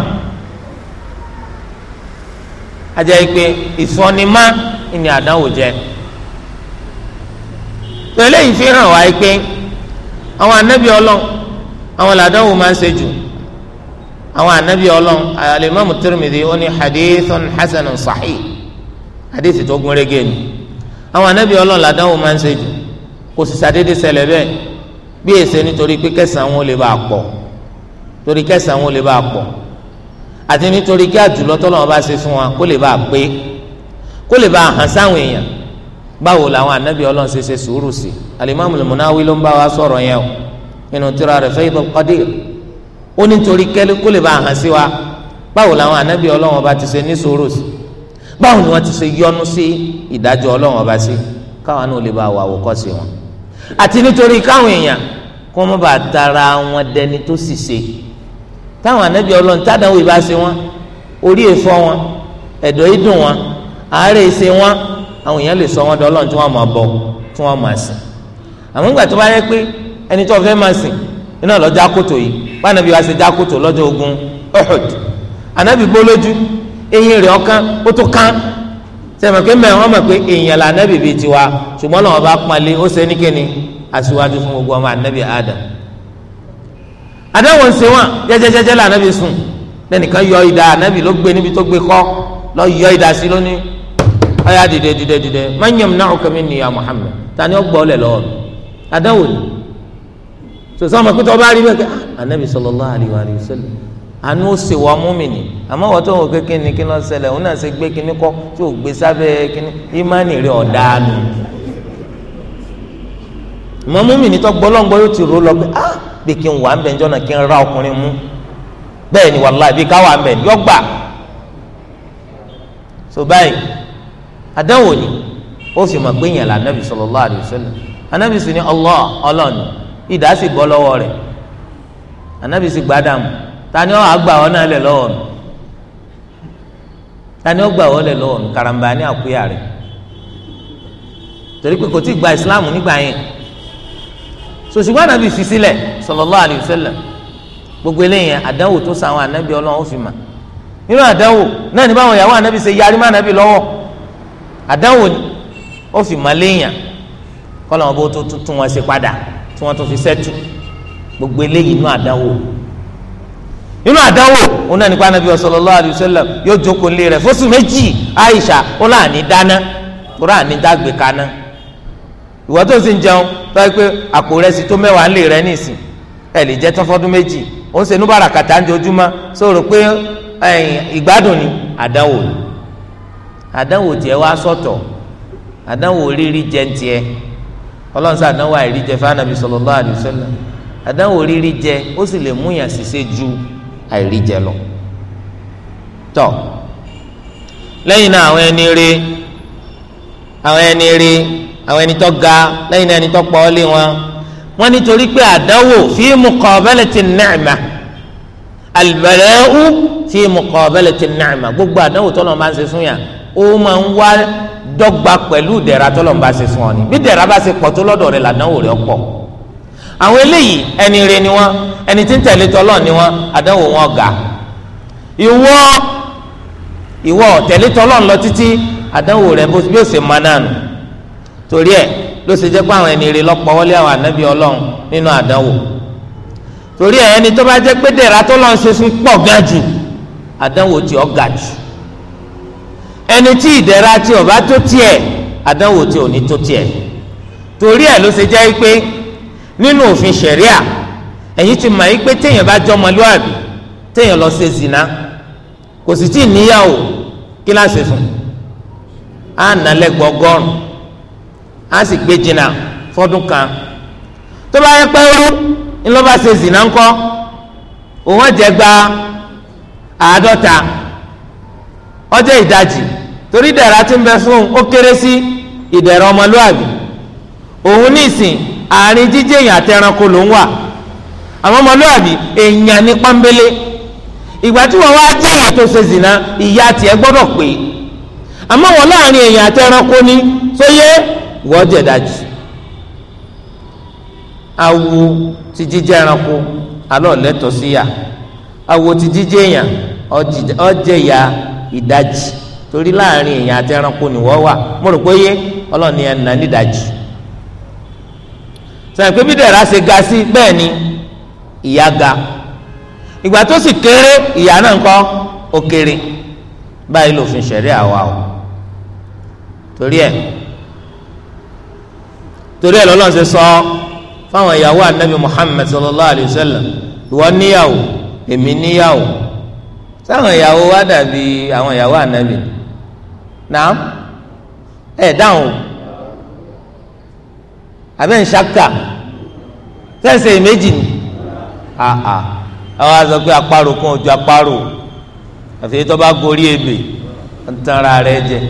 ajá yìí pé ìsọnimá ni àdánwò jẹ pẹ̀lẹ́ yìí fi hàn wá yìí pé àwọn anábì ọlọ́ àwọn làdánwò máa ń ṣe jù àwọn anábì ọlọ́ al-Imam Tirmidhi hadithun hasanun sahih àdéhìsì tó gún régé nu àwọn anábì ọlọ́run làdánwò máa ń ṣe jù kò sì sàdédé ṣẹlẹ̀ bẹ́ẹ̀ bí èsè nítorí pé kẹsàn-án wọn lè bá a pọ̀ torí kẹsàn-án wọn lè bá a pọ̀ àti nítorí kí àjùlọ tọ́lọ́wọ́n bá ṣe fún wa kó lè bá a pé kó lè bá a hàn sáwọn èèyàn báwo làwọn anábì ọlọ́run ṣe ṣe sùúrù sí alimami lumunawi ló ń bá wa sọ̀rọ̀ yẹn o nínú tírà rẹ̀ Faidul Qadir ó nítorí kẹ́lẹ́ kó lè bá a hàn sí wa báwo làwọn anábì ọlọ́run ọba ti ṣe ní sùúrù sí báwo ni wọ́n ti ṣe yọnu sí ìdájọ́ ọlọ́run ọba sí káwọn náà lè bá wà àwòkọ́ṣe wọn àti nítorí káwọn èèyàn kó wọn bá tara wọn dẹni tó sì ṣe táwọn anábì ọlọ́run tádàwọ̀ ìbá ṣe wọn orí èèfọ́ wọn ẹ̀dọ̀ ìdùn wọn àárẹ̀ ṣe wọn àwọn èèyàn lè sọ wọn dọ́lọ́run tí wọ́n máa bọ tí wọ́n máa sìn àmọ́ ìgbà tó bá yẹ pé ẹni tó fẹ́ máa sìn iná lọ jákòtò yìí bá anábì wá ṣe jákòtò lọ́jọ́ ogun Uhud anábì gbólójú eyín rẹ̀ ọ̀kan ó tún kán sẹ́mi kí mẹ́rin wọ́n mọ̀ pé èèyàn là nẹ́bì bíi tiwa ṣùgbọ́n náà wọ́n bá pọ́nlé ó ṣe ní kíni aṣíwájú fún gbogbo ọmọ ànẹ́bì Adam adáwọ̀ ń ṣe wọn jẹ́jẹ́jẹ́jẹ́ là nẹ́bì sùn lẹ́nìkan yọ ìdá ànẹ́bì ló gbé níbi tó gbé kọ́ lọ yọ ìdá sí lónìí ọ̀yà dìde dìde dìde man yamna'uka minni ya Muhammad tani ó gbọ́ ọ lẹ̀ lọ́wọ́ mi adáwọ̀ ni sọ̀sọ́ ọmọ pé tó bá rí bẹ́ẹ̀ kẹ́ ah, ànẹ́bì sallallahu alaihi wa sallam àánú ó ṣe wá múmìnì àmọ́ wọ́n tó ń wò kékeré ni kí ló ń ṣẹlẹ̀ òun náà ṣe gbé kíní kọ́ tí ò gbé sábẹ́ kíní ìmánì rẹ̀ ọ̀daànù ìmọ̀ múmìnì tó gbọ́lọ́ngbọ́ yóò ti rò lọ pé ah bí kí n wà ń bẹ̀ ń jọ́nà kí n ra ọkùnrin mú bẹ́ẹ̀ ni wàláhì bí ká wà ń bẹ̀ yọ gbà so báyìí àdánwò ni ó fi mọ̀ pé yẹn là nàbì sallallahu alaihi wasallam anabi sì ni Allah ọlọ́ọ̀ni ìdá sì lọ́wọ́ rẹ̀ anabi sì gbádàmù tani ó àgbà ọ náà lẹ lọ́wọ́ nù tani ó gbà ọ lẹ lọ́wọ́ nù karamba ní àkúyà rẹ torí pé kò tí ì gba ìsìláàmù nígbà yẹn sòṣùgbọ́n ànábì fi sílẹ̀ sallallahu alaihi wasallam gbogbo eléyìí àdánwò tó sàwọn ànábì ọlọ́run ó fi mà nínú àdánwò náà ní báwọn ìyàwó ànábì ṣe yarí má ànábì lọ́wọ́ àdánwò ni ó fi mà léyìn kọ́lọ́mọbó tó tún wọn ṣe padà tí wọ́n tún fi sẹ́tù gbogbo eléyìí inú àdánwò. inú àdánwò òun náà nípa anabi sallallahu alayhi wa yóò jókòó nílé rẹ fóṣù méjì ó ní dáná jẹun tó pé àpò rẹ sì tó mẹ́wàá nílé rẹ nìsín ẹ lè jẹ méjì kàtà ń pé ìgbádùn ni àdánwò àdánwò wá àdánwò rírí jẹ àdánwò fún anabi àdánwò rírí jẹ ó sì lè múyàn àìríjẹ lọ tọ lẹ́yìn náà àwọn ẹni rí àwọn ẹni rí àwọn ẹni tó ga lẹ́yìn náà ẹni tó pọ̀ lé wọn wọn nítorí pé àdánwò fi muqabalati ni'ma albala'u fi muqabalati ni'ma gbogbo àdánwò tó lọ́n bá ń ṣe fún yà ó máa ń wá dọ́gba pẹ̀lú dẹ̀ra tó lọ́n bá ṣe fún ọ ni bí dẹ̀ra bá ṣe pọ̀ tó lọ́dọ̀ rẹ̀ làdánwò rẹ̀ pọ̀ àwọn eléyìí ẹni rẹ ni wọn ẹni tí ń tẹ̀lé tọ́lọ́ ni wọn àdánwò wọn ga ìwọ ìwọ tẹ̀lé tọ́lọ́ lọ títí àdánwò rẹ bí ó ṣe máa náà nù torí ẹ ló ṣe jẹ́ pé àwọn ẹni rẹ lọ́pọ̀ wọlé àwọn ànábì ọlọ́run nínú àdánwò torí ẹ ẹni tó bá jẹ́ pé dẹ̀ra tọ́lọ́ ń ṣe fún pọ̀ gan jù àdánwò tí ó ga jù ẹni tí ìdẹ̀ra tí ó bá tó tiẹ̀ àdánwò tí ò ní tó tiẹ̀ torí ẹ ló ṣe jẹ́ pé nínú òfin ṣẹ̀ríà ẹ̀yin ti mọ̀ yí pé téèyàn bá jọmọ lúàbí téèyàn lọ ṣe zina kò sì tí ì níyàwó kí la fún á nà lẹ́gbọ̀ ọgọ́rùn sì gbé jìnnà fọ́dún kan tó bá yẹ pẹ́rú ńlọ́ba ṣe zina ńkọ́ òun ọ̀jẹ̀ gba àádọ́ta ọjọ́ ìdajì torí dẹ̀ra ti ń bẹ fún ó kéré sí ìdẹ̀ra ọmọlúàbí òun ní ìsìn àárín jíjẹ èèyàn àti ẹranko ló ń wà àwọn ọmọlúwàbí èèyàn ní pọ́nbélé ìgbà tí wọ́n wá jẹ́ èèyàn tó ṣe zìnà ìyá tiẹ̀ gbọ́dọ̀ pé àmọ́ wọn láàrin èèyàn àti ẹranko ní sóyè wọ́n jẹ̀ dájú awo ti jíjẹ ẹranko alọ́ lẹ́tọ̀ọ́ sí yà awo ti jíjẹ èèyàn ọjẹ́ ya ìdajì torí láàrin èèyàn àti ẹranko ni wọ́n wà mo rò pé yé ọlọ́ọ̀ni ẹ̀ nà nídajì. sọ̀rọ̀ pé bí dẹ̀ra ṣe ga sí bẹ́ẹ̀ ni ìyá ga ìgbà tó sì kéré ìyá náà ńkọ́ ó kéré báyìí lòfin ṣẹ̀rí àwa o torí ẹ̀ torí ẹ̀ lọ́lọ́run ṣe sọ fáwọn ìyàwó anabi Muhammad sallallahu alayhi wa sallam ìwọ níyàwó èmi níyàwó sáwọn ìyàwó wa dàbí àwọn ìyàwó anabi náà ẹ̀ dáhùn o abẹ́ ń ṣáka sẹ́ǹsẹ̀ méjì ni àà àwọn àzọ pé àparò kan ojú àparò àfi tó bá gorí ebè ń tan ara rẹ jẹ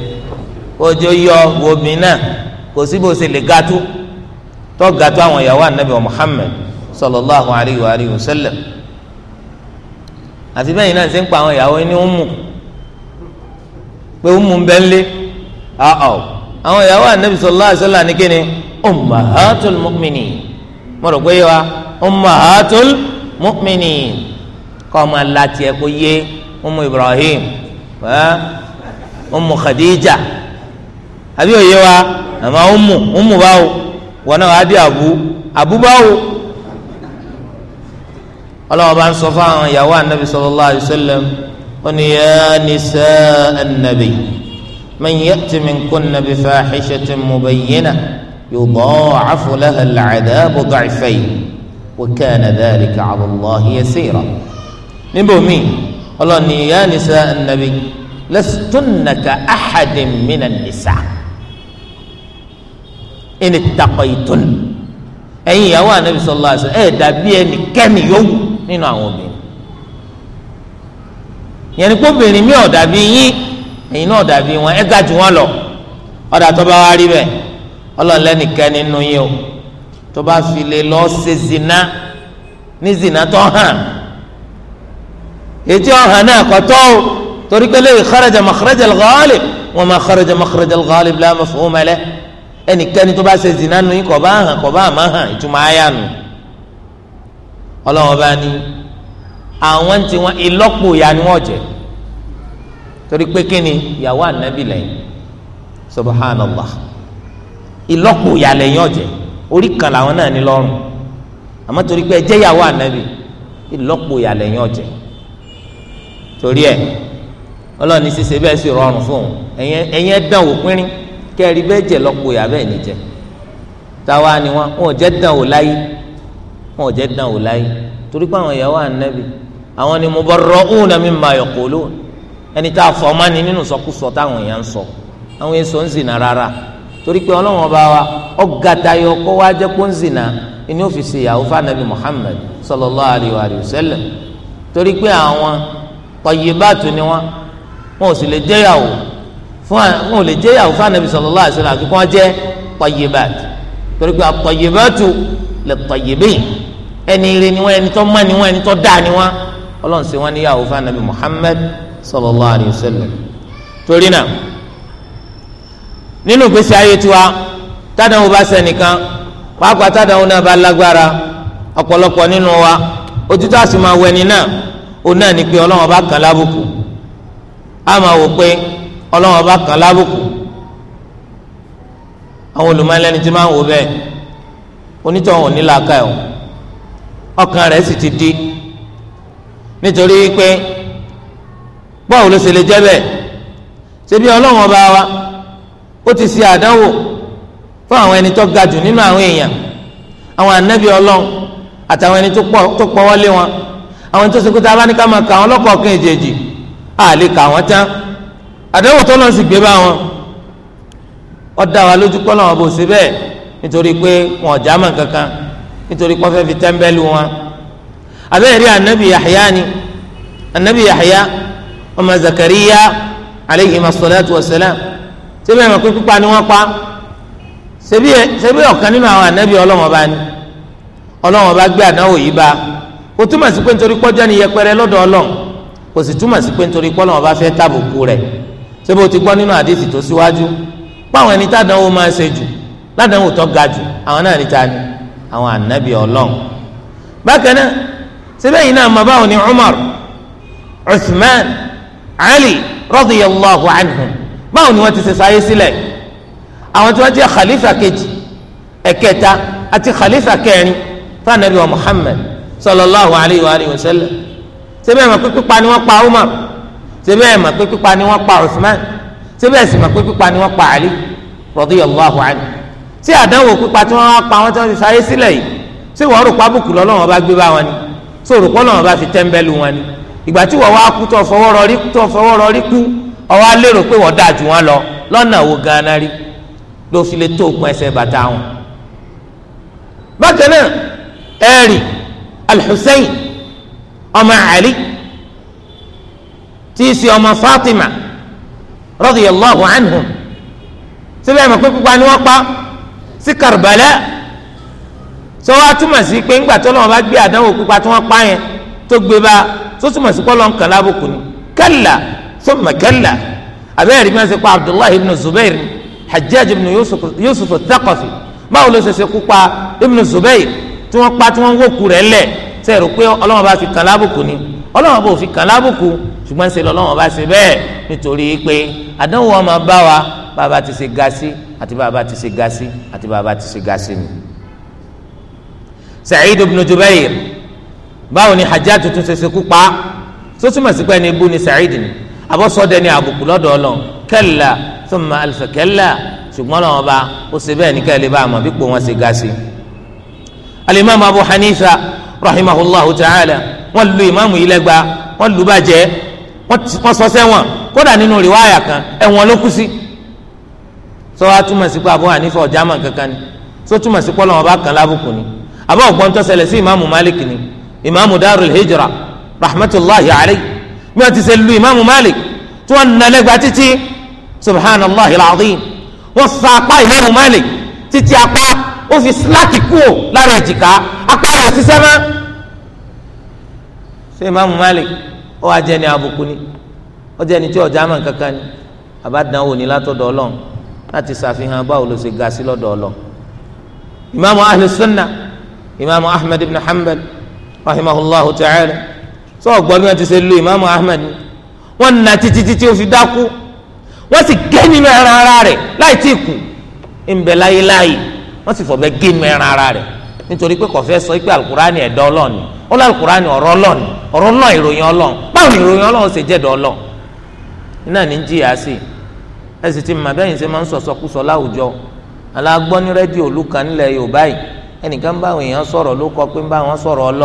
ojú yọ wòmí náà kò sí bó ṣe lè ga tó tó ga tó àwọn ìyàwó ànábì wa Muhammad sallallahu alayhi wa alayhi wa sallam àti bẹ́ẹ̀ náà ṣe ń pa àwọn ìyàwó ní umu pé umu ń bẹ́ńlé àwọn ìyàwó ànábì sallallahu alayhi wa sallam ní kíni ummahatul mu'minin mo rò pé yẹ wa ummahatul mu'minin kọ́ ọ máa láti ẹ kó yé ummu ibrahim ummu khadija àbí òye wa àmọ́ ummu ummu báwo wọn náà wàá di àbú àbú báwo ọlọ́wọ́n bá ń sọ fáwọn ìyàwó anabi sallallahu alayhi wa sallam ó ní yá nisa anabi man ya'ti min kunna bi fahishatin mubayyinah. يضاعف لها العذاب ضعفين وكان ذلك على الله يسيرا نبومي الله ني يا نساء النبي لستن كأحد من النساء إن اتقيتن أي يا النبي صلى الله عليه وسلم إيه دابي كم يوم نينو عمومين yẹni kó obìnrin mi ọ̀dàbí yín ẹ̀yin náà ọ̀dàbí wọn ẹ̀ ga wọn lọ ọ̀dà tó bá wá rí bẹ́ẹ̀ ọlọ́ọ̀lẹ́nìkan nínú yín o tó bá fi lè lọ ṣe zina ní zina tó hàn ètí ọ̀hàn náà kọ́ tó o torí pé lèyìn kharaja makharaja al-ghalib wa ma kharaja makharaja al-ghalib la mafhuma lahu ẹnikẹ́ni tó bá ṣe zina nínú yín kọ́ bá hàn kọ́ bá àmà hàn ìtumọ̀ ayà nù ọlọ́wọ́n bá ní àwọn tí wọn ìlọ́pọ̀ ìyá ni wọ́n jẹ torí pé kíni ìyàwó ànábì lẹ́yìn subhanallah. ìlọ́pọ̀ ìyàlẹ̀ yín ọ̀jẹ̀ orí kan làwọn náà ní lọ́rùn àmọ́ torí pé ẹjẹ́ wà ànábì ìlọ́pọ̀ ìyàlẹ̀ yín ọ̀jẹ̀ torí ẹ̀ ọlọ́ọ̀ni ṣiṣẹ́ bẹ́ẹ̀ sì rọrùn fún un ẹ̀yẹn wò pínrín bẹ́ẹ̀ jẹ́ lọ́pọ̀ ìyà bẹ́ẹ̀ ní torí pé àwọn ìyàwó àwọn ni ẹni tá a fọ́ ọmọ ni nínú sọkúsọ táwọn èèyàn sọ àwọn torí pé ọlọ́wọ́n bá wa ọ̀gá tayọ kó wá jẹ́ kó ń zìnà ní ọ́fíìsì ìyàwó fanabi Muhammad sallallahu alayhi wa sallam torí pé àwọn tọ̀yìnbàtú ni wọ́n wọn ò sì lè jẹ́yàwó fún wọn ò lè jẹ́yàwó fanabi sallallahu alayhi wa sallam àti kí wọ́n jẹ́ tọ̀yìnbàtú torí pé àtọ̀yìnbàtú lè tọ̀yìnbìn ẹni ire ni wọ́n ẹni tó mọ́ ni wọ́n ẹni tó dáa ni wọ́n ọlọ́run sì wọ́n níyàwó fanabi Muhammad sallallahu alayhi wa torí náà nínú ìgbésí ayé tiwa tádàwọn bá sẹnìkan pàápàá tádàwọn náà bá lágbára ọ̀pọ̀lọpọ̀ nínú wa òtítọ́ àti máa wẹni náà òun náà ni pé ọlọ́wọ́n bá kàn lábùkù á máa wò pé ọlọ́wọ́n bá kàn lábùkù àwọn olùmọ̀lẹ́ni ti máa ń wò bẹ́ẹ̀ onítọ̀hún ní làákà ẹ̀ ọkàn rẹ̀ sì ti di nítorí pé bọ́ọ̀ ṣe lè jẹ́ bẹ́ẹ̀ ṣebí ọlọ́wọ́n bá wa ó ti ṣe àdánwò fún àwọn ẹni tó ga jù nínú àwọn èèyàn àwọn ànábì Ọlọ́run àtàwọn ẹni tó pọwọ́lé wọn àwọn tó sèkúta abáníkà máa kà wọn lọ́kọ̀ọ̀kan èjèèjì á lè kà wọn tán àdánwò tó lọ sí gbé bá wọn ó dá wa lójú pọ́ làwọn bò sí bẹ́ẹ̀ nítorí pé wọn ò já mọ́ kankan nítorí pé fi tẹ́ḿbẹ́lú wọn abẹ́rẹ́ ànábì Yahya ni ànábì Yahya ọmọ Zakariya aleyhi masalatu wa salam ṣebí ẹ mọ̀ pé pípa ni wọ́n pa ṣebí ọ̀kan nínú àwọn ànábì ọlọ́wọ́n bá ní ọlọ́wọ́n bá gbé àdánwò yìí bá kò túmọ̀ sí pé nítorí pọ́jọ́ ni yẹpẹrẹ lọ́dọ̀ ọlọ́run kò sì túmọ̀ sí pé nítorí pọ́lọ́wọ́n bá fẹ́ tàbùkù rẹ̀ ṣebí o ti gbọ́ nínú àdìsí tó síwájú páwọn ẹni tádánwò máa ṣe jù ládánwò tó ga jù àwọn náà níta ni àwọn ànábì ọlọ́run bákan náà ṣebí náà máa ni Umar Uthman Ali radiyallahu anhum báwo ni wọ́n ti ṣe sáyé sílẹ̀ àwọn tí wọ́n jẹ́ khalifa kejì ẹ̀kẹta àti khalifa kẹrin fanabi wa muhammed sallallahu alayhi wa alayhi wa sallam sẹ́bẹ̀ ma pé pípa ni wọ́n pa umar sẹ́bẹ̀ ma pé pípa ni wọ́n pa usman sẹ́bẹ̀ sì ma pé pípa ni wọ́n pa ali radiyallahu anhu sí àdánwò pípa tí wọ́n wá pa wọ́n tí wọ́n ti sáyé sílẹ̀ yìí sí wọ́n rò bùkù lọ́lọ́wọ́n bá gbé bá wọn ni sí òrùkọ́ lọ́wọ́n fi tẹ́ńbẹ́lú wọn ni ìgbà tí wọ́n wá kú tó fọwọ́ rọrí kú ọwọ́ alérò pé wọ́n dáa jù wọ́n lọ lọ́nà wo gan-an rí ló fi lè tó òpin ẹsẹ̀ bàtà wọn. bákan náà ẹ̀rì alḥusayn ọmọ ali tí í ṣe ọmọ fatima radiyallahu anhum síbẹ̀ mọ̀ pé pípa ni wọ́n pa sí karbala sọ wá túmọ̀ sí pé ńgbà tó lọ́wọ́ bá gbé àdánwò pípa tí wọ́n pa yẹn tó gbé bá tó túmọ̀ sí pé Ọlọ́run kàn ni kalla thumma kalla abẹ́rẹ́ mi ṣe pa abdullahi ibn zubair hajjaj ibn yusuf thaqafi báwo ló ṣe ṣe kú pa ibn zubair tí wọ́n pa tí wọ́n wó ku rẹ̀ lẹ̀ sẹ́rù pé ọlọ́wọ́n bá fi kàn lábùkù ni ọlọ́wọ́n bò fi kàn lábùkù ṣùgbọ́n ṣe lọ́wọ́n bá ṣe bẹ́ẹ̀ nítorí pé àdánwò wọn máa bá wa bàbá ti ṣe ga sí àti bàbá ti ṣe ga sí àti bàbá ti ṣe ga sí ni. Sa'id ibn Jubayr báwo ni Hajjaj tuntun ṣe ṣe kú pa sótúmọ̀ sí pé ẹni ibú ni Sa'id ni abọ́sọ́dẹ ni àbùkù lọ́dọ̀ ọlọ́run kẹ́là thumma alfa kẹ́là ṣùgbọ́n lọ́wọ́ bá ó ṣe bẹ́ẹ̀ ní kẹ́lẹ́ bá àmọ́ bípò wọn ṣe ga sí. alimam abu hanifa rahimahullahu ta'ala wọ́n lu imaamu yìí lẹ́gba wọ́n lu bàjẹ́ wọ́n sọ sẹ́wọ̀n kódà nínú rìwáyà kan ẹ̀wọ̀n ló kú sí. sọ wa túmọ̀ sí pé abu hanifa ọ̀já mọ̀ kankan ni sọ túmọ̀ sí pé lọ́wọ́ bá kan lábùkù ni àbá ọ̀gbọ́n tó ṣẹlẹ̀ sí imaamu malik ni imaamu darul hijra rahmatulahi alayhi bí wọ́n ti ṣe lu imaamu malik tí wọ́n nà lẹ́gbàá títí subhanallah alazim wọ́n sa apá imaamu malik títí apá ó fi síláàkì kúò lára èjìká apá rẹ̀ ṣiṣẹ́ mọ́ ṣé imaamu malik ó wá jẹ́ ni àbùkù ni ó jẹ́ ni tí ọ̀já mọ̀ kankan ni àbádànwò ni látọ̀dọ̀ ọlọ́run láti ṣàfihàn báwo ló ṣe ga sí lọ́dọ̀ ọlọ́run imaamu ahlu imaamu ahmed ibn hanbal rahimahullahu ta'ala. sọ ọgbọ́n bí wọ́n ti ṣe lu ahmed wọ́n na títí títí ó fi dákú wọn sì gé nínú ẹran ara rẹ láì tí láyé láyé wọn sì fọbẹ gé nínú ẹran ara rẹ nítorí pé sọ pé alukurani ó lọ alukurani ìròyìn báwo ni ìròyìn ọlọ́ọ̀n ṣe jẹ́ iná ní jìyà sí ẹ sì ti mọ abẹ́yìn ṣe máa ń láwùjọ alágbọ́n ní rédíò olúkan nílẹ̀ Yorùbá yìí ẹnìkan èèyàn sọ̀rọ̀ ló kọ pé báwọn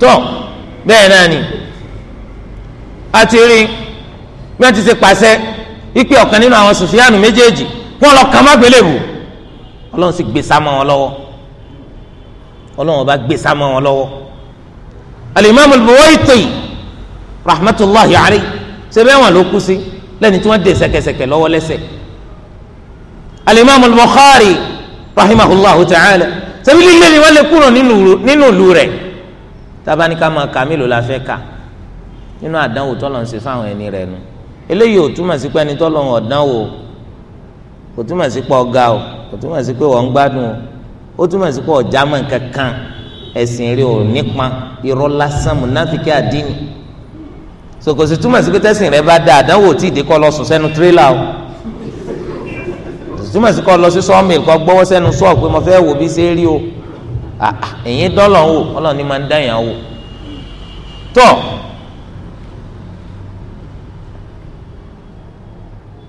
tó bẹ́ẹ̀ náà ni a ti rí bí wọ́n ti ṣe pàṣẹ ipe ọ̀kan nínú àwọn sùfíànù méjèèjì wọ́n lọ kàn má gbélébù ọlọ́run sì gbé sámọ́ wọn lọ́wọ́ ọlọ́run ọba gbé sámọ́ wọn lọ́wọ́ alimami al-Buwayti rahmatulahi ari sebe wọn ló kú sí lẹni tí wọn dé sẹkẹsẹkẹ lọ́wọ́ lẹ́sẹ̀ alimami al-Bukhari rahimahulahu ta'ala sebe lílé ni wọn lè kúrò nínú ìlú rẹ̀ tábánikà máa kà mélòó la fẹ́ kà nínú àdánwò tọ́lọ̀ ń ṣe fáwọn ẹni rẹ̀ nu eléyìí ò túmọ̀ sí pé ẹni tọ́lọ̀ ń ọ̀dánwò kò túmọ̀ sí pé ọ̀gá o kò túmọ̀ sí pé wọ́n ń gbádùn o ó túmọ̀ sí pé ọ̀já mọ̀ kankan ẹ̀sìn rẹ̀ ò nípa irọ́ lásán múnáfíkì àdínì so túmọ̀ sí pé tẹ́sìn rẹ̀ bá dá àdánwò tí ìdí lọ sùn sẹ́nu tírélà o túmọ̀ sí kọ́ lọ sí sọ́ọ̀mì kọ́ gbọ́wọ́ sẹ́nu sọ́ọ̀ pé mo fẹ́ wò bí ṣe o ẹ̀yin ah, ah, dọ́lọ̀ wò ọlọ́ọ̀ni máa ń dá yàn wò tọ́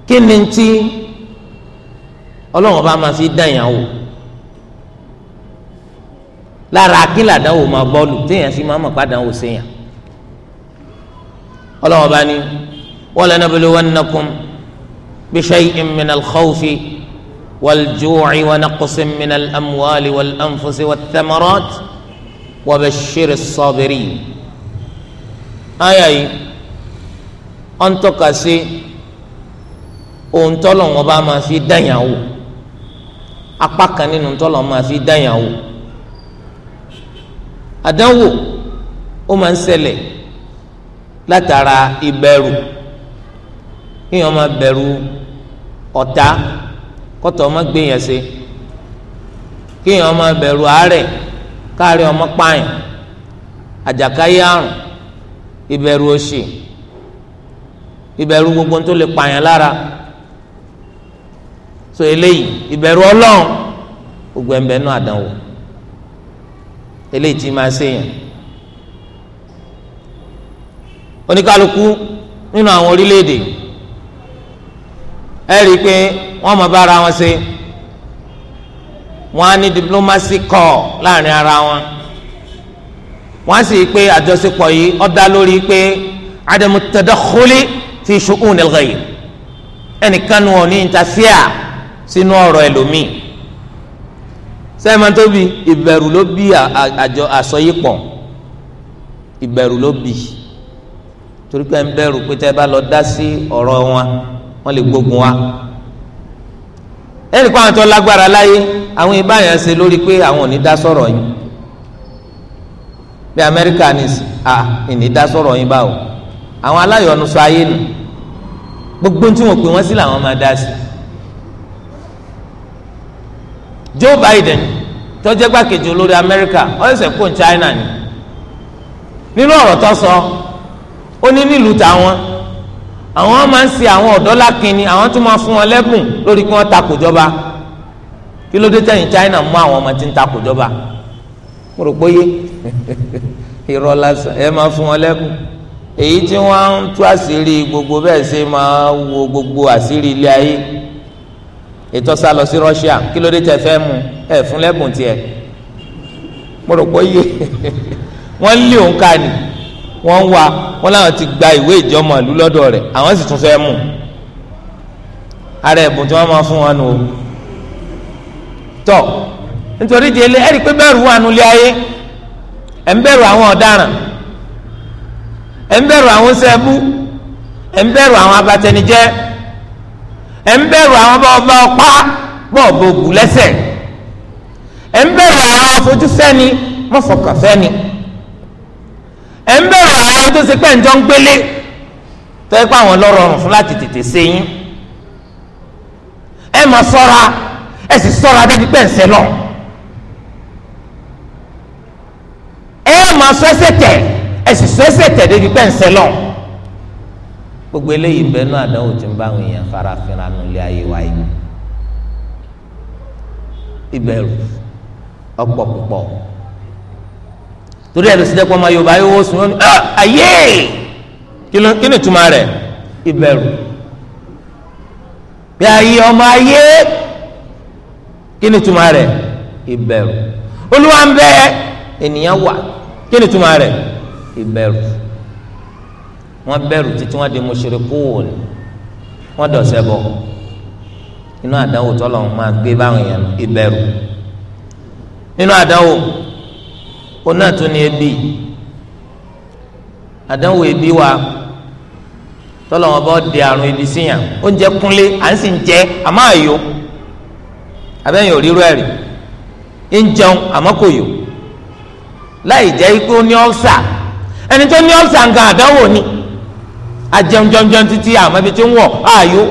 kí ni ti ọlọ́wọ́n bá máa fi dá yàn wò lára akínlá dánwò máa bọ́ọ̀lù téèyàn fi máa mọ̀ pàdánwò séèyàn ọlọ́wọ́n bá ní wa lanabluwannakum bi shay'in min al-khawfi. والجوع ونقص من الأموال والأنفس والثمرات وبشر الصابرين آي آي أنت قاسي ohun tọ́lọ̀ wọn bá máa fi dáyàn wò apá kan nínú tọ́lọ̀ máa fi dáyàn wò àdánwò ó máa ń ṣẹlẹ̀ látara ìbẹ̀rù kíyàn máa bẹ̀rù ọ̀tá kọ́tọ̀ ọmọ gbìyàn sí kéèyàn ọmọ bẹ̀rù àárẹ̀ káàrí ọmọ pààyàn àjàkáyé àrùn ìbẹ̀rù òṣì ìbẹ̀rù gbogbo tó lè pààyàn lára so eléyìí ìbẹ̀rù ọlọ́run gbogbo ẹ̀ ń bẹ nú àdánwò eléyìí tí máa ṣèyàn oníkálukú nínú àwọn orílẹ̀-èdè ẹ rí i pé wọ́n mọ̀ bá ara wọn ṣe wọ́n á ní diplomacy call láàrin ara wọn wọ́n á sì pé àjọṣepọ̀ yìí ó dá lórí pé adamu tadakhuli fi shu'un al-ghayr ẹnìkan nu òní interfere sínú ọ̀rọ̀ ẹlòmíì sẹ́ẹ̀mà tóbi ìbẹ̀rù ló bí àjọ àsọyípọ̀ ìbẹ̀rù ló bí torí pé ń bẹ̀rù pé tẹ́ bá lọ dá sí ọ̀rọ̀ wọn wọ́n lè gbógun wa ẹnì kan àwọn tó lágbára láyé àwọn ìbáyàn ṣe lórí pé àwọn ò ní dá sọ̀rọ̀ yín bí amẹ́ríkà ní à ìní dá sọ̀rọ̀ yín báwo àwọn aláyọ̀nù sọ ayé nù gbogbo tí wọ́n pè wọ́n sí làwọn máa dá sí Joe Biden tó jẹ́ gbàkejì olórí amẹ́ríkà ọ̀sẹ̀ kò China ni nínú ọ̀rọ̀ tó sọ ó ní nílùú tàwọn àwọn máa ń ṣe àwọn ọ̀dọ́ lákínni àwọn tó máa fún wọn lẹ́bùn lórí kí wọ́n takò jọba kí ló dé tẹ̀yìn China mú àwọn ọmọ tí ń takò jọba mo rò pé yé irọ́ lásán ẹ máa fún wọn lẹ́bùn èyí tí wọ́n ń tú àṣírí gbogbo bẹ́ẹ̀ ṣe máa wo gbogbo àṣírí ilé ayé ètò sá lọ sí Russia kí ló dé tẹ fẹ́ mu ẹ fún lẹ́bùn tiẹ̀ mo rò pé yé wọ́n lé òǹkà ni wọ́n wá wọ́n láwọn ti gba ìwé ìjọmọ ìlú lọ́dọ̀ rẹ̀ àwọn sì tún fẹ́ mú ara ẹ̀bùn tí wọ́n máa fún wọn nù o tọ́ nítorí di ẹlẹ́ ẹ̀rí pé bẹ́ẹ̀rù wà nulẹ̀ ayé ẹ̀ ń bẹ̀rù àwọn ọ̀daràn ẹ̀ ń bẹ̀rù àwọn sẹ́bù ẹ̀ ń bẹ̀rù àwọn abatẹnijẹ́ ẹ̀ ń bẹ̀rù àwọn bọ́ọ̀bá ọ̀pá bọ́ọ̀bá ògùn lẹ́sẹ̀ ẹ̀ ń bẹ̀rù àwọn afojúfẹ́ni mọ́fọ̀kànfẹ́ni ẹ̀ ń bẹ̀rù àwọn tó ṣe pẹ́ ǹjọ́ ń gbélé tó yẹ pé àwọn lọ́rọ̀ ọ̀rùn fún láti tètè ṣe yín ẹ máa sọ́ra ẹ sì sọ́ra débi pẹ́ ń ṣe lọ ẹ máa sọ ẹsẹ̀ tẹ̀ ẹ sì sọ ẹsẹ̀ tẹ̀ débi pẹ́ ń ṣe lọ gbogbo eléyìí ń náà àdánwò tí ń bá àwọn èèyàn farafinra nílé ayé wa yìí ọ̀pọ̀ púpọ̀ torí ẹ̀ ló sì jẹ́ pé ọmọ yorùbá yóò wó sùn ọ́n ah, ayé kí ni túmọ̀ rẹ̀ ìbẹ̀rù bí ayé ọmọ ayé kí ni túmọ̀ rẹ̀ ìbẹ̀rù olúwa ń bẹ ènìyàn wà kí ni túmọ̀ rẹ̀ ìbẹ̀rù wọ́n bẹ̀rù títí wọ́n di mushrikun wọ́n dọ̀sẹ̀ bọ̀ inú àdánwò tọ́lọ̀ máa gbé báwọn èèyàn ìbẹ̀rù nínú àdánwò ó náà tún ní ebi àdánwò ebi wa tọ́lọ́wọ́n bá di àrùn ebi síyàn oúnjẹ kúnlé à ń sì ń jẹ àmọ́ àyò abẹ́yìn ò rírọ́ ẹ̀rì ń jẹun àmọ́ kò yò láì jẹ́ ikú ní ọ́sà ẹni tó ní ọ́sà nǹkan àdánwò ni ajẹun jọjọ títí àmọ́ ibi tí ń wọ̀ àyò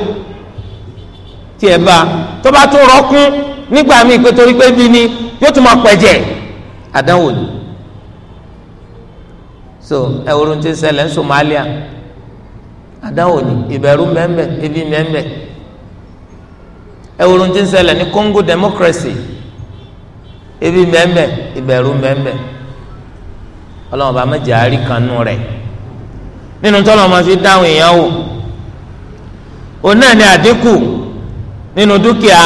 tí ẹ bá tó bá tún rọ́kún nígbà míì pé torí pé bí ni yóò tún máa pẹ̀jẹ̀ àdánwò ni so ẹ wo ohun tí ṣẹlẹ̀ ní Somalia àdáwò ni ìbẹ̀rù mẹ́mẹ́ ebi mẹ́mẹ́ ẹ wo ohun tí ṣẹlẹ̀ ní Congo democracy ebi mẹ́mẹ́ ìbẹ̀rù mẹ́mẹ́ ọlọ́run bá mẹ́jẹ àárí kan nù rẹ̀ nínú tọ́lọ̀ máa fi dáhùn èèyàn wò òun náà ni àdínkù nínú dúkìá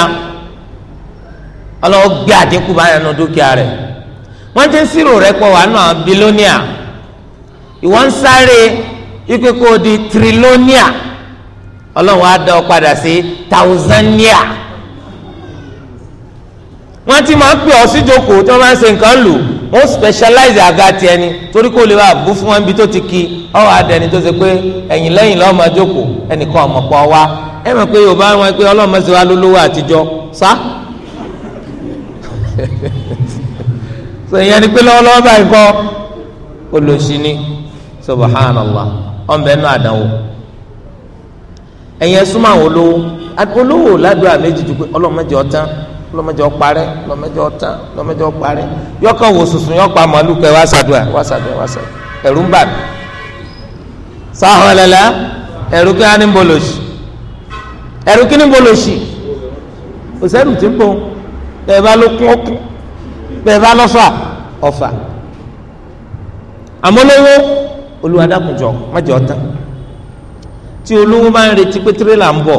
ọlọ́run gbé àdínkù báyìí nínú dúkìá rẹ̀ wọ́n ti ń sírò rẹ̀ pọ̀ wà nù àwọn bílóníà ìwọ ń sáré ipe kò di trilonia ọlọ́run á dá ọ padà sí tausania wọ́n ti máa ń pè ọ́ síjókòó tí wọ́n máa ń ṣe nǹkan lò ó specialize àga tiẹ̀ ni torí kó lè wá bú fún wọn ibi tó ti ki ọwọ́ adẹni tó ṣe pé ẹ̀yìn lẹ́yìn lọ́ọ́ máa jókòó ẹnìkan ọmọ pọ̀ wá ẹ mọ̀ pé yorùbá wọn pé ọlọ́run mọ̀sẹ̀ wa lólówó àtijọ́ sá sọ ìyẹn ni pé lọ́wọ́lọ́wọ́ báyìí kọ́ olóṣì ni. subhanallah ọ̀nbẹ náà àdánwò ẹ̀yin ẹ̀sùn máa wò lówó olówó ládùúgbò àméjì dùgbò ọlọ́mọdé ọ̀tán ọlọ́mọdé ọ̀parẹ́ ọlọ́mọdé ọ̀tán ọlọ́mọdé ọ̀parẹ́ yọkàn wò sùsùn yọpa màálù kẹ wá sàdúrà wá sàdúrà wá sàdúrà ń bà mí kí á ní kí ní ti ń bá ló kún bá olúwa dákunjọ mọ́jọ tán tí olówó bá ń retí pé tirẹ́là ń bọ̀